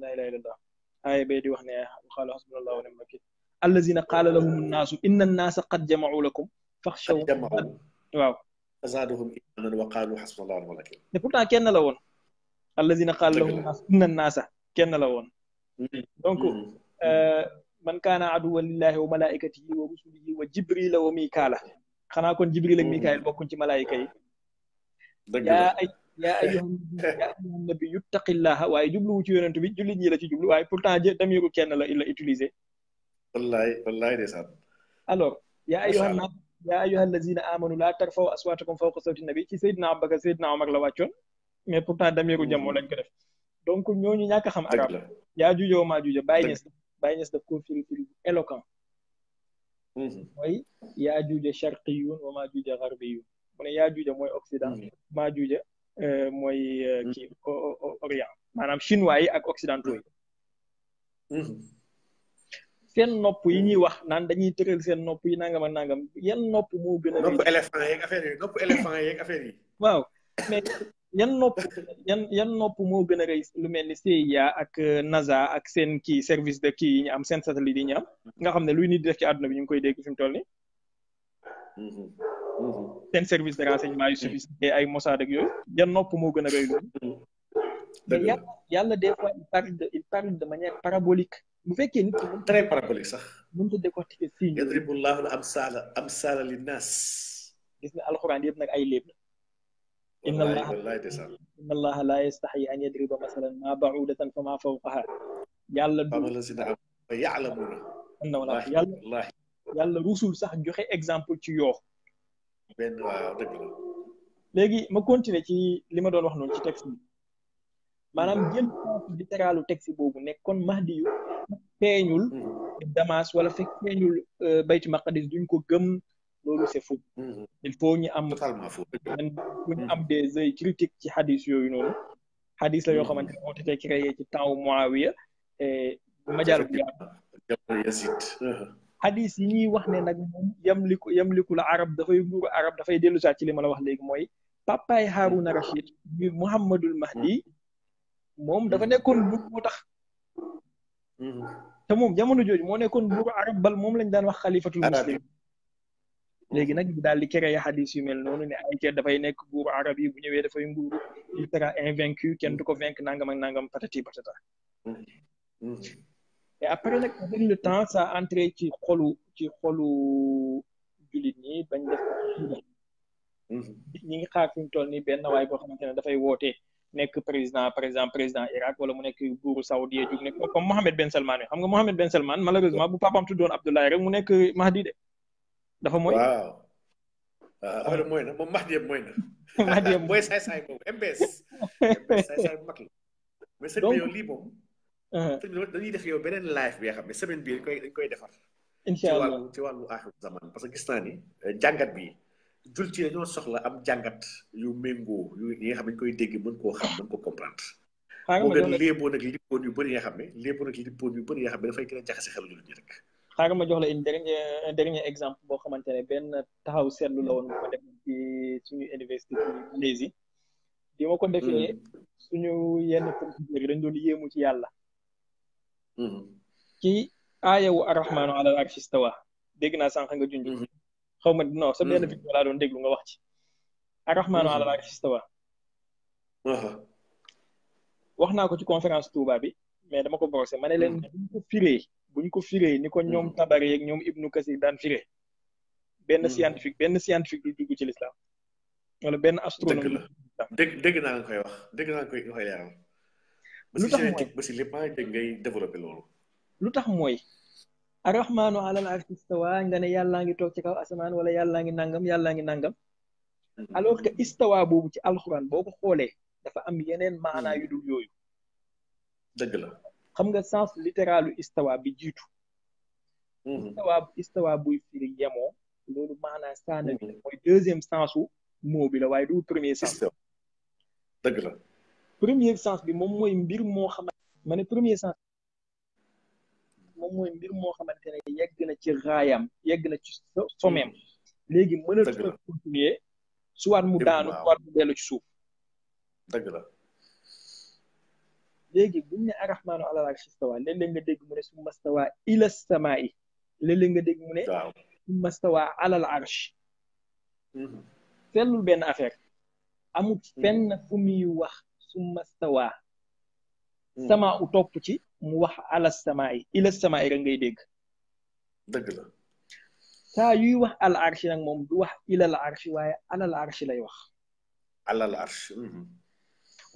laa ilaaha illallaah aaya bee di wax ne xaalu hasbunallaahu wa ni'mal wakiil allazina qaala lahumu a inna nnaasa qad jamau lakum faxshaw waaw fazaadahum imaanan wa qaalu xasbuna allah wa ni'mal pourtant kenn la woon alladina qaala lahum naas inna naasa kenn la woon hmm. donc hmm. Euh, man kaana aduwan lillahi wa malaikatihi wa rusulihi wa jibrila wa mikaala xanaa kon jibril ak mikaayil hmm. bokkuñ ci malaayika yi yaa ay yaa ayyuhan nabiyyu ittaqillaha waaye jubluwu ci yonent bi jullit ñi la ci jublu waaye pourtant jë damiru kenn la il la utilisé wallaay yaa ayyuhal lazina amanu laa tarfaw aswaatakum fawqa sawti nabi ci Seydina Abubakar Seydina Omar la wàccoon mais pourtant damiru jamo mm-hmm. lañ ko def donc ñooñu ñàkk a xam arab yaa jujo maa jujo bàyyi ñes bàyyi ñes daf ko fil fil éloquent mm-hmm. mooy yaa juja charqiyun wa maa juja garbiyun mu ne yaa juja mooy occident mm-hmm. maa juja euh, mooy euh, kii maanaam chinois yi ak occidentaux yi seen nopp yi ñuy wax naan dañuy tëral seen nopp yi nangam ak nangam yan nopp moo gën a. nopp éléphant yeeg affaire yi nopp éléphant yeeg affaire yi. waaw mais yan nopp yan yan nopp moo gën a rëy lu mel ni CIA ya, ak NASA ak seen kii service de kii yi ñu am seen satellite yi ñu am. nga xam ne luy nit def ci àdduna bi ñu ngi koy dégg fi mu toll ni. Mm-hmm. Mm-hmm. seen service de renseignement yu sophistiqué ay Mossad ak yooyu yan nopp moo gën a rëy loolu. mais mm-hmm. yàlla yàlla des fois il parle de il parle de manière parabolique. bu fekkee nit très parabolique sax mënut a décortiquer signe yadribu llahu la am saala am saala li naas gis nga alxuraan yëpp nag ay léeb la inna allaha inna allaha la yastaxyi an yadriba masalan ma baudatan fa ma fawqaha yàlla du yaalamuuna na wala yàlla yàlla rusul sax joxe exemple ci yoox benn waaw ma continuer ci li ma doon wax noonu ci texte bi maanaam jël sens littéralu texte boobu nekk kon mahdi yu feeñul mm. Damas wala fekk feeñul euh, baytu maqadis duñ ko gëm loolu c'est faux mm. il faut ñu am fu ñu mm. am des œils ci xadis yooyu noonu xadis la yoo xamante ne moo été créé ci temps Muawiya et majal xadis yi ñuy wax ne nag moom yamliku yamliku la arab dafay nguuru arab dafay dellusaat ci li ma la wax léegi mooy papaay Haaruna Rachid bi Muhammadul Mahdi moom dafa nekkoon buur moo tax mm-hmm. te moom jamono jooju moo nekkoon buuru arab bal moom lañ daan wax xalifatul muslim léegi nag daal di créé xadis yu mel noonu ne ay ceeb dafay nekk buuru arab yi bu ñëwee dafay nguuru il sera invaincu kenn du ko vaincre nangam ak nangam patati patata mm-hmm. et après nag avec le temps ça entré ci xolu ci xolu jullit ñi bañ def mm-hmm. ñi ngi xaar fi mu toll nii benn waay boo xamante ne dafay wootee nekk président par exemple président Irak wala mu nekk buuru saoudia jug nekk comme Mohamed Ben Salman xam nga Mohamed Ben Salman malheureusement bu papaam tuddoon Abdoulaye rek mu nekk Mahdi de dafa mooy. waaw ah, ah, mooy na moom Mahdi yëpp mooy na. Mahdi yëpp mooy saay-saay boobu MBS. MBS saay-saay bi yow uh-huh. dañuy def yow beneen live bi nga xam ne semaine bii dañ koy dañ koy defar. incha allah ci wàllu ci wàllu parce que gis naa eh, jàngat bi. jullit yi dañoo soxla am jàngat yu méngoo yu yi nga xam ne koy dégg mën koo xam mën ko comprendre. xaaral ma boo léeboon ak lippoon yu bëri nga xam ne léeboon ak lippoon yu dafay gën a jaxase xel jullit ñi rek. xaaral ma jox la une exemple boo xamante ne benn taxaw seetlu la woon bu ma suñu université Malaisie. di ma ko defee hmm. suñu yenn professeurs yi dañ doon yéemu ci yàlla. Hmm. ci aayawu arrahmaanu alal arshi stawa dégg naa sànq nga junj. Hmm. xaw ma non sa benn hmm. vidéo laa doon déglu nga wax ci ar rahmaanu hmm. ala arshi uh-huh. wax naa ko ci conférence Touba bi mais dama ko brosé ma ne leen hmm. buñ ko firee buñ ko firee ni ko ñoom Tabari ak ñoom Ibnu Kasir daan firee benn scientifique benn scientifique du dugg ci l'islam wala benn astronome dëgg dëgg naa nga koy wax dëgg naa nga koy wax yaaram ba si génétique ba loolu lu tax mooy arrahmaanu alal arshi istawa nga ne yàllaa ngi toog ci kaw asamaan wala yàllaa ngi nangam yàllaa ngi nangam mm-hmm. alors que istawa boobu ci alkuraan boo ko xoolee dafa am yeneen maanaa mm-hmm. yu yooyu dëgg la xam nga sens littéralu istawa bi jiitu mm-hmm. istawa istawa buy firi yemoo loolu maanaa saana bi la mooy deuxième sensu mot bi la waaye du premier sens dëgg la premier sens bi moom mooy mbir moo xamante ma ne premier sens moom mooy mbir moo xamante ne yegg na ci raayam yegg na ci sommeem mm. léegi mën a tuna continuer soit mu daanu soit mu dellu ci suuf dëgg la léegi buñ ne arrahmaanu alal arshi stawa léeg-léeg nga dégg mu ne summa stawa ila samaa yi léeg nga dégg mu ne summa stawa alal arsh mm-hmm. seetlul benn affaire amul mm-hmm. fenn fu muy wax summa stawa mm. sama u topp ci mu wax ala samaay ila samaay rek ngay dégg. dëgg la. saa yuy wax al arshi nag moom du wax ilal arshi waaye alal wax. alal arshi. Mhm.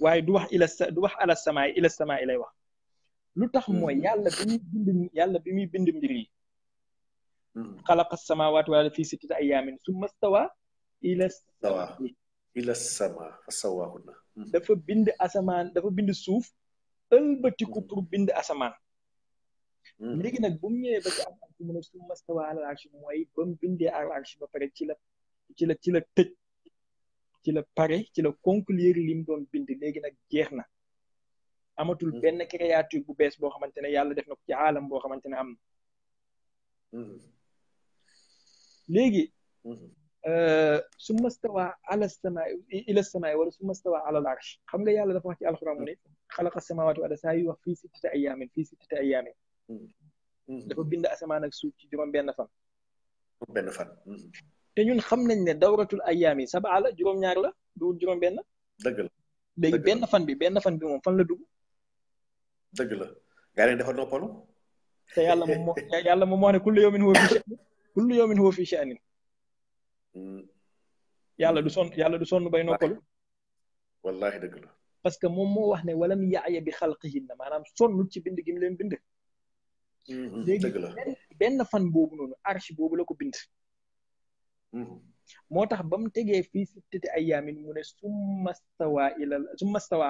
waaye du wax ila du wax ala samaay ila samaay lay wax. lu tax mhm. mooy yàlla bi muy bind yàlla bi muy bind mbir yi. Mhm. xalaqa samawaati wala ayaamin summa stawa ila stawa ila sama sawahuna dafa bind asamaan dafa bind suuf ëlbatiku pour bind asamaan hmm. léegi nag bu mu ñëwee ba ci asamaan si mu ne su mastawa alal arshi mooy ba mu bindee alal arshi ba pare ci la ci la ci la tëj ci la pare ci la conclure li mu bind léegi nag jeex na amatul hmm. benn créature bu bees boo xamante ne yàlla def na ci aalam boo xamante ne am na hmm. léegi summa stawa ala samaai ila samaai wala summa stawa ala al arsh xam nga yàlla dafa wax ci alxuraan mu ne xalaqa samawaati wal arda saa yu wax fii sittati ayaamin fii sittati ayaamin dafa bind asamaan ak suuf ci juróom benn fan benn fan te ñun xam nañ ne dawratul ayaam yi saba la juróom-ñaar la duwul juróom benn dëgg la léegi benn fan bi benn fan bi moom fan la dugg dëgg la gaa yi dafa noppalu te yàlla moo yàlla moom moo ne kullu yawmin huwa fi sha'nin yàlla du sonn yàlla du sonn bay noppalu wallahi dëgg la parce que moom moo wax ne walam yaaya bi xalqihinna maanaam sonnul ci bind gi mu leen bind léegi benn fan boobu noonu arche boobu la ko bind moo tax ba mu tegee fii sittati ayaamin mu ne summa stawa ila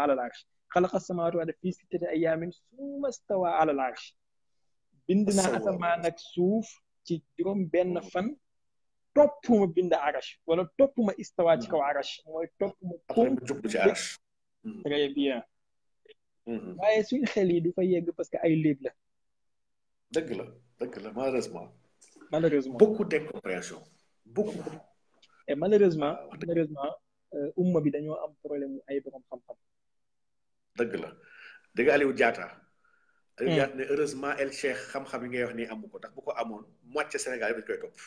ala al xalaqa samawaati wal arda fii sittati ayaamin summa stawa ala al bind naa asamaan ak suuf ci juróom benn fan topp ma bind arash wala topp ma istawa ci hmm. kaw arash mooy topp ma jublu ci arash hmm. très bien hmm. waaye suñ xel yi du fa yegg parce que ay léeb la dëgg la dëgg la malheureusement malheureusement beaucoup d'incompréhension beaucoup et malheureusement ah, malheureusement euh, umma bi dañoo am problème ay borom xam-xam dëgg la dëgg Aliou Diatta Aliou Diatta ne heureusement El Cheikh xam-xam yi ngay wax nii amu ko ndax bu ko amoon moitié Sénégal yi dañ koy topp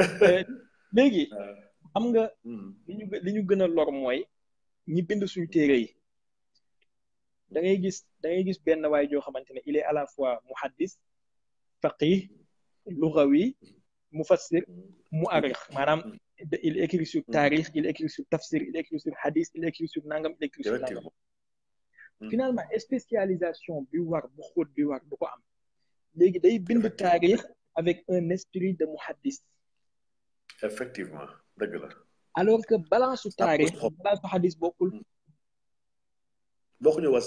Euh, léegi am nga hmm. li ñu li ñu gën a lor mooy ñi bind suñu téere yi dangay gis da gis benn waay joo xamante ne il est à la fois muhaddis faqih lugawi mufassir mu arix maanaam il écrit sur hmm. taarix il écrit sur tafsir il écrit sur hadis il écrit sur nangam il écrit sur nangam hmm. finalement spécialisation bi war bu xóot bi war du ko am léegi day bind taarix avec un esprit de muhaddis effectivement dëgg la alors que balance su taarix balance su xadis bokkul bokkuñu was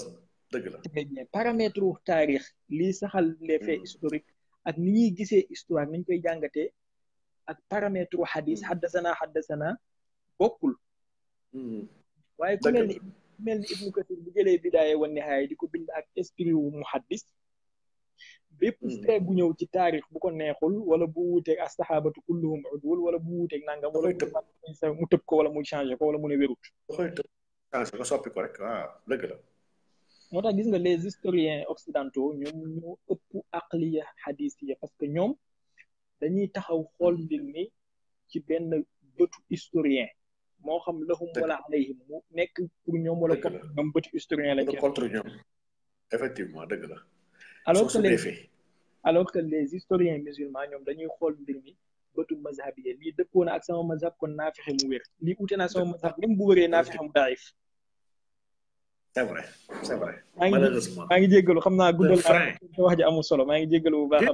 dëgg la très bien paramètre wu taarix lii saxal les faits historiques ak ni ñuy gisee histoire ni ñu koy jàngatee ak paramètre wu xadis xaddasana xaddasana bokkul waaye ku mel ni ibnu kasir bu jëlee bidaaya wan nihaaya di ko bind ak esprit wu muhaddis bépp fee hmm. bu ñëw ci taarix bu ko neexul wala bu wuuteeg astaxaabatu kulluhum udul wala bu wuuteeg nangam wala mu tëb ko wala muy changé ko wala mu ne wérut changé ko soppi ko rek waaw ah, dëgg la moo tax gis nga les historiens occidentaux ñoom ñoo ëpp aqliya xadis parce que ñoom dañuy taxaw xool mbir mi ci benn bëtu historien moo xam lahum wala alayhim mu nekk pour ñoom wala comme ñoom bëtu historien la contre ñoom effectivement dëgg la alors que les historiens musulmans ñoom dañuy xool mbir mi bëtu mazhab yi lii dëppoo ak sama mazhab kon naa fexe mu wér lii ute naa sama mazhab même bu wéree naa fexe mu daif c'est vrai c'est vrai malheureusement maa ngi jéggalu xam naa guddal wax ji amul solo maa ngi jéggalu bu baax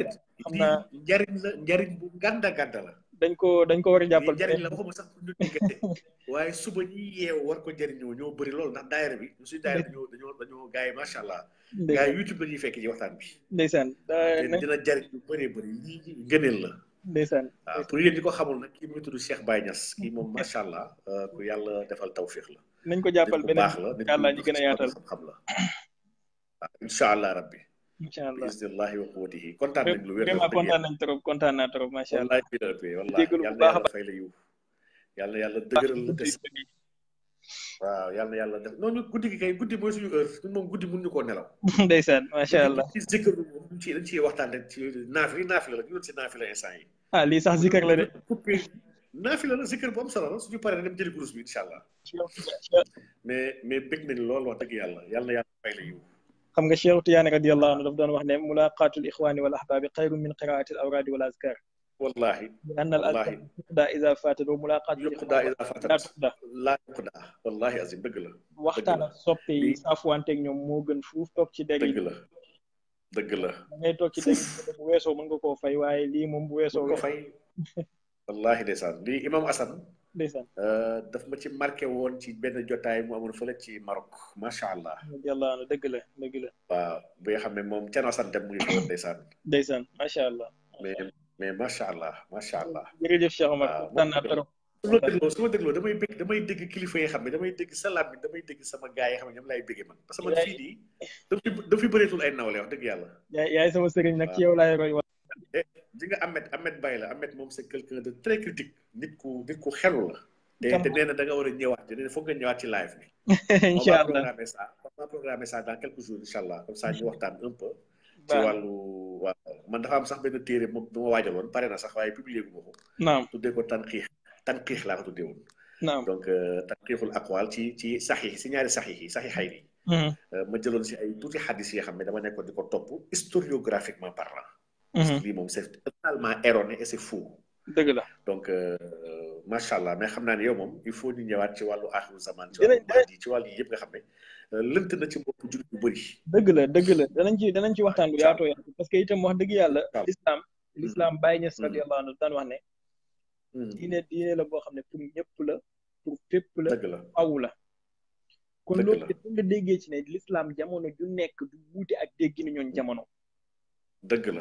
xam naa njariñ la njariñ bu gànda gànda la dañ ko dañ ko war a jàppal. jariñ la waxuma sax ñu diggante waaye suba ñi yeew war ko jëriñoo ñoo bëri loolu ndax daayira bi suñu daayira dañoo dañoo dañoo gars yi macha allah. gars yi YouTube la ñuy fekk ci waxtaan bi. ndeysaan dina jëriñ lu bëree bëri lii ngëneel la. ndeysaan waaw pour yéen ñi ko xamul na kii muy tudd Cheikh Baye Niass moom macha allah euh, ku yàlla defal tawféex la. nañ ko jàppal beneen baax la incha allah ñu gën a yaatal xam la incha allah rabbi incha allah bismillahi wa quwwatihi kontaan nañ lu wér vraiment kontaan nañ trop kontaan naa trop macha allah wallahi jégalu bu baax a fay la yiw yàlla yàlla dëgëral des waaw yàlla yàlla def noonu guddi gi kay guddi mooy suñu heure ñun moom guddi mënuñu koo nelaw ndeysaan macha allah ci zikr ñu ci dañ ciy waxtaan rek ci naafi naafi la rek ñu ci naafi la instant yi ah lii sax zikr la de coupé naafi la la zikr bu am solo la suñu paree dem jëli gurus bi incha allah mais mais bëgg nañ lool wax dëgg yàlla yàlla yàlla fay la خم نغا شيخ تيان رضي الله عنه دون واخ نه ملاقات الاخوان والاحباب خير من قراءه الاوراد والاذكار والله لان والله. الاذكار تقضى اذا فات وملاقات يقضى اذا فات لا تقضى لا يقضى والله عزيز دغلا وقتنا صوبي صافوانت نيو مو غن فوف توك سي دغلا دغلا دغلا ngay tok ci deg weso mën nga ko fay waye li mom bu weso ko fay wallahi desan li ndeysaan euh, daf ma ci marqué woon ci benn jotaay mu amoon fële ci Maroc macha allah. yàlla na dëgg la dëgg la. waaw bi nga xam ne moom ca Nassane dem mu ngi ko ndeysaan. ndeysaan macha allah. mais mais macha allah macha allah. jërëjëf Cheikh Omar kontaan naa trop. su ma dégloo su ma dégloo damay bég damay dégg kilifa yi xam ne damay dégg salaam bi damay dégg sama gars yi xam ne ñoom laay béggee man. parce que man fii nii. daf fi daf fi bëreetul ay nawle wax dëgg yàlla. yaay yaay sama sëriñ nag ci yow laay roy. Eh, di nga Ahmed Ahmed Baye la Ahmed moom c'est quelqu'un de très critique nit ku nit ku xelu la te te nee na da nga war a ñëwaat nee na foog nga ñëwaat ci live bi incha allah on va programmer ça on va programmer ça dans quelques jours incha allah comme ça ñu waxtaan un peu ci wàllu waaw man dafa sax benn téere moom bi ma waajaloon pare na sax waaye publié gu ma naam tuddee ko tanqiix tanqiix laa ko tuddee woon naam donc euh, tanqiixul aqwaal ci saxiix si ñaari saxiix yi saxiixay nii mm-hmm. euh, ma jëloon si ay tuuti xadis yoo xam ne dama nekkoon di ko topp historiographiquement Mhm. parce que lii moom c' est totalement erroné et c' dëgg la donc euh, macha allah mais xam naa ne yow moom il faut ñu ñëwaat ci wàllu aaxiru zaman. ci wàllu baat yi ci wàllu yëpp nga xam ne euh, lënt na ci bopp jullit yu bëri. dëgg la dëgg la danañ ci danañ ci waxtaan lu yaatoo yaatu parce que itam wax dëgg yàlla. lislaam mhm. lislaam bàyyi ñes mhm. radiyallahu anhu daan wax ne. diine diine la boo xam ne pour ñëpp la pour fépp la. dëgg la aw la. kon loolu dañ la ci ne lislaam jamono ju nekk du wuute ak dégginu ñoon jamono. dëgg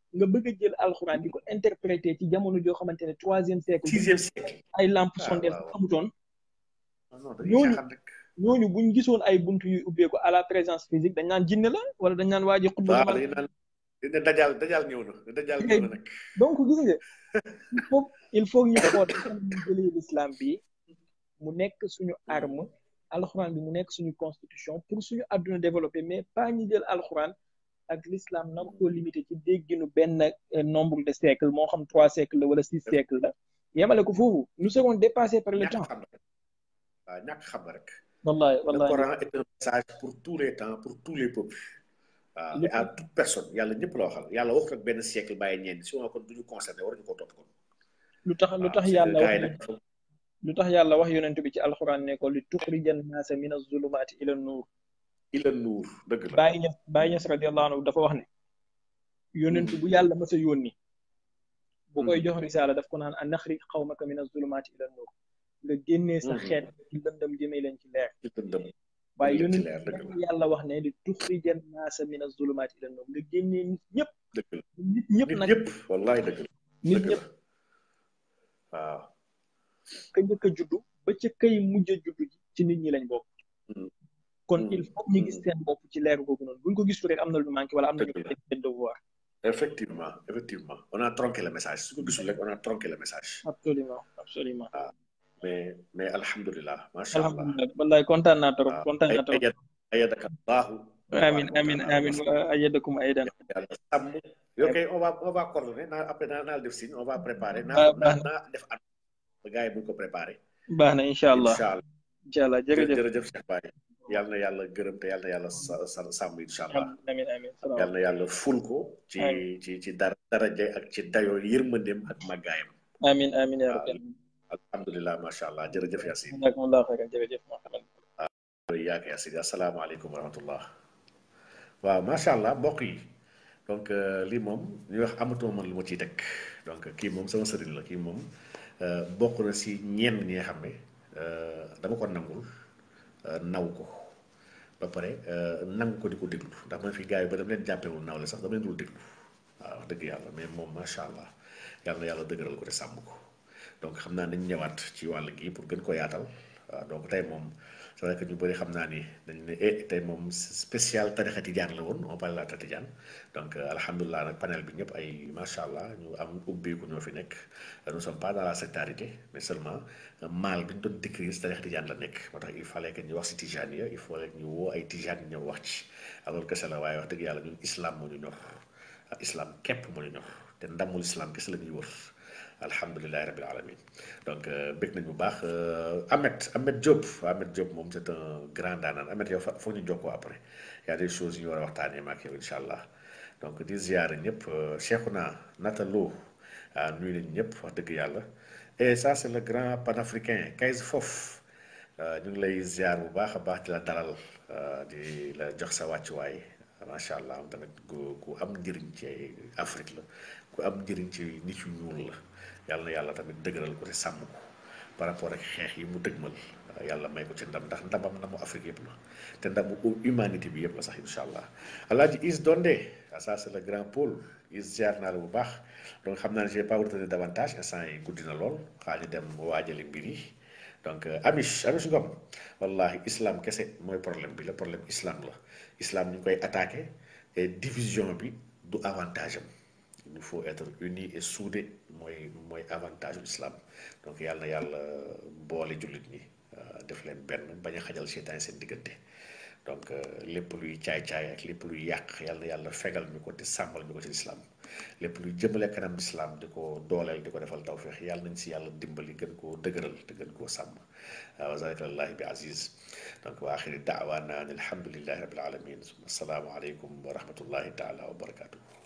nga bëgg a jël alxuraan di ko interpréter ci jamono joo xamante ne troisième siècle. sixième siècle ay lampe ah, sondel amutoon. Ah ñooñu ñooñu bu ñu gisoon ay buntu yuy ubbeeku à la présence physique dañ naan jinne la wala dañ naan waa ji xutba. dajal dajal ñëw na dajal ñëw na nag. donc gis nga il faut il faut ñu xoot ñu jëlee l'islam bi mu nekk suñu arme alxuraan bi mu nekk suñu constitution pour suñu àdduna développé mais pas ñu jël alxuraan. ak l'islam nar koo limité ci dégginu benn euh, nombre de siècles moo xam trois siècles la wala six siècles la yemale ko foofu nous serons dépassés par le temps waaw ñàkk xam rek wallahi wallahi le Coran est un message pour tous les temps pour tous les peuples waaw à toute la waxal yàlla waxut ak benn siècle bàyyi ñeen si kon duñu concerné waruñu ko topp kon lu tax lu tax yàlla wax lu tax yàlla wax yonent bi ci alxuraan ne ko li tuxrijan min az-zulumaati ila an-nuur ila nuur dëgg la Baye Niass Baye Niass radiyallahu anhu dafa wax ne yónent bu yàlla mës yoon ni bu koy hmm. jox risaala daf ko naan an naxri xawmaka min azulumaati ila a nga génnee sa hmm. xeet leen ci leer waaye yónent yàlla wax ne di tuxrija naasa min azulumaati ila nuur nga génnee nit ñëpp nit ñëpp nag wallaay dëgg la nit ñëpp waaw ka njëkk juddu ba ca kay mujj a juddu ci nit ñi lañ bokk hmm. kon il faut ñu gis hmm. seen bopp ci leer googu noonu buñ ko gisul rek am na lu manqué wala am na ñu ko devoir effectivement effectivement on a tronqué le message su ko gisul rek on a tronqué le message absolument absolument ah, mais mais alhamdoulillah ma sha allah alhamdulillah wallahi content na trop content ah, na trop ayadaka allah amin amin amin ayyadakum aidan ok on va on va coordonner na après na na def signe on va préparer ah, na na def at gaay bu ko préparer baax na inshallah inshallah jere jere jere jere yal yalla gërëm te yal yalla sam sa sàmm amin amin amiin yalla ful ko ci ci ci dara dara jey ak ci dayo yërmandeem ak magayam amin amin ya rabbi alhamdulilah macha allah jërëjëf Yacine jazakumullahu khairan jërëjëf Mouhamed yaak assalamu alaykum wa rahmatullah waaw macha allah mbokk yi donc euh, li mom ñu wax amatuma man lu ma ci tek donc ki mom sama serigne la ki mom euh, bokk na ci ñen ñi xamé euh dama ko nangul euh, naw ko ba pare euh, nangu ko di ko déglu ndax man fi gaa yi ba dama leen jàppewul nawle sax dama leen dul déglu waaw wax dëgg yàlla mais moom macha allah yàlla na yàlla dëgëral ko te sàmm ko donc xam naa nañ ñëwaat ci wàll gi pour gën ko yaatal waaw donc tey moom. c'est que ñu bëri xam naa ni dañu ne eh tey moom spécial tarixa tijaan la woon on parle la tijaan donc euh, alhamdulilah nag panel bi ñëpp ay macha allah ñu am ubbeeku ñoo fi nekk euh, nous sommes pas dans la sectarité mais seulement euh, mal bi ñu doon décrire si tarixa tijaan la nekk moo tax il fallait que wax si tijaan ya il fallait que ñu woo ay tijaan yi ñëw wax ci alors que la waaye wax dëgg yàlla ñun islaam moo ñu ñor islam képp moo ñu ñor te ndamul islam kese la ñuy wër. alhamdulilah rabil alamin donc euh, bëgg nañ bu baax Ameth Ameth Diop Ameth Diop moom c'est un grand daanaan Ameth yow foog ñu jokkoo après y a des choses yu ñu waxtaanee ma ak yow incha allah donc di ziare ñëpp euh, Cheikhouna Nata Lo ah nuyu nañ ñëpp wax dëgg yàlla et ça c'est le grand panafricain Kayz Fof. Euh, ñu ngi lay ziar bu baax a baax di la dalal di la jox sa wàccuwaay macha allah tamit ku am njëriñ ci Afrique la ku am njëriñ ci nit yu ñuul la. yàlla na yàlla tamit dëgëral ko te sàmm ko par rapport ak xeex yi mu dëgmal euh, yàlla may ko ci ndam ndax ndamam ndamu Afrique yëpp la te ndamu humanité bi yëpp la sax incha allah alaaji is donde ah, ça c'est le grand pôle naa la bu baax donc xam naa ne j'ai pas retenu davantage lool xaa ñu dem waajali mbir yi donc euh, amish amish ngom wallahi islam kese mooy problème bi la problème islam la islam ñu koy attaqué division bi du avantage am il faut être unis et suude mooy mooy avantage bu islam donc yàlla na yàlla boole jullit ñi euh, def leen benn bañ a xajal seytaan seen diggante donc euh, lépp luy caay-caay ak lépp luy yàq yàlla yàlla fegal ñu ko te sàmmal ñu ko ci islam lépp luy jëmale kanam islam di ko dooleel di ko defal tawféex yàlla nañ si yàlla dimbali gën koo dëgëral te gën koo sàmm wa zalikalaahi bi aziz donc wa axiri daawaana an alhamdulillahi rabbil alamin suma asalaamu aleykum wa rahmatullahi taala wa barakatuh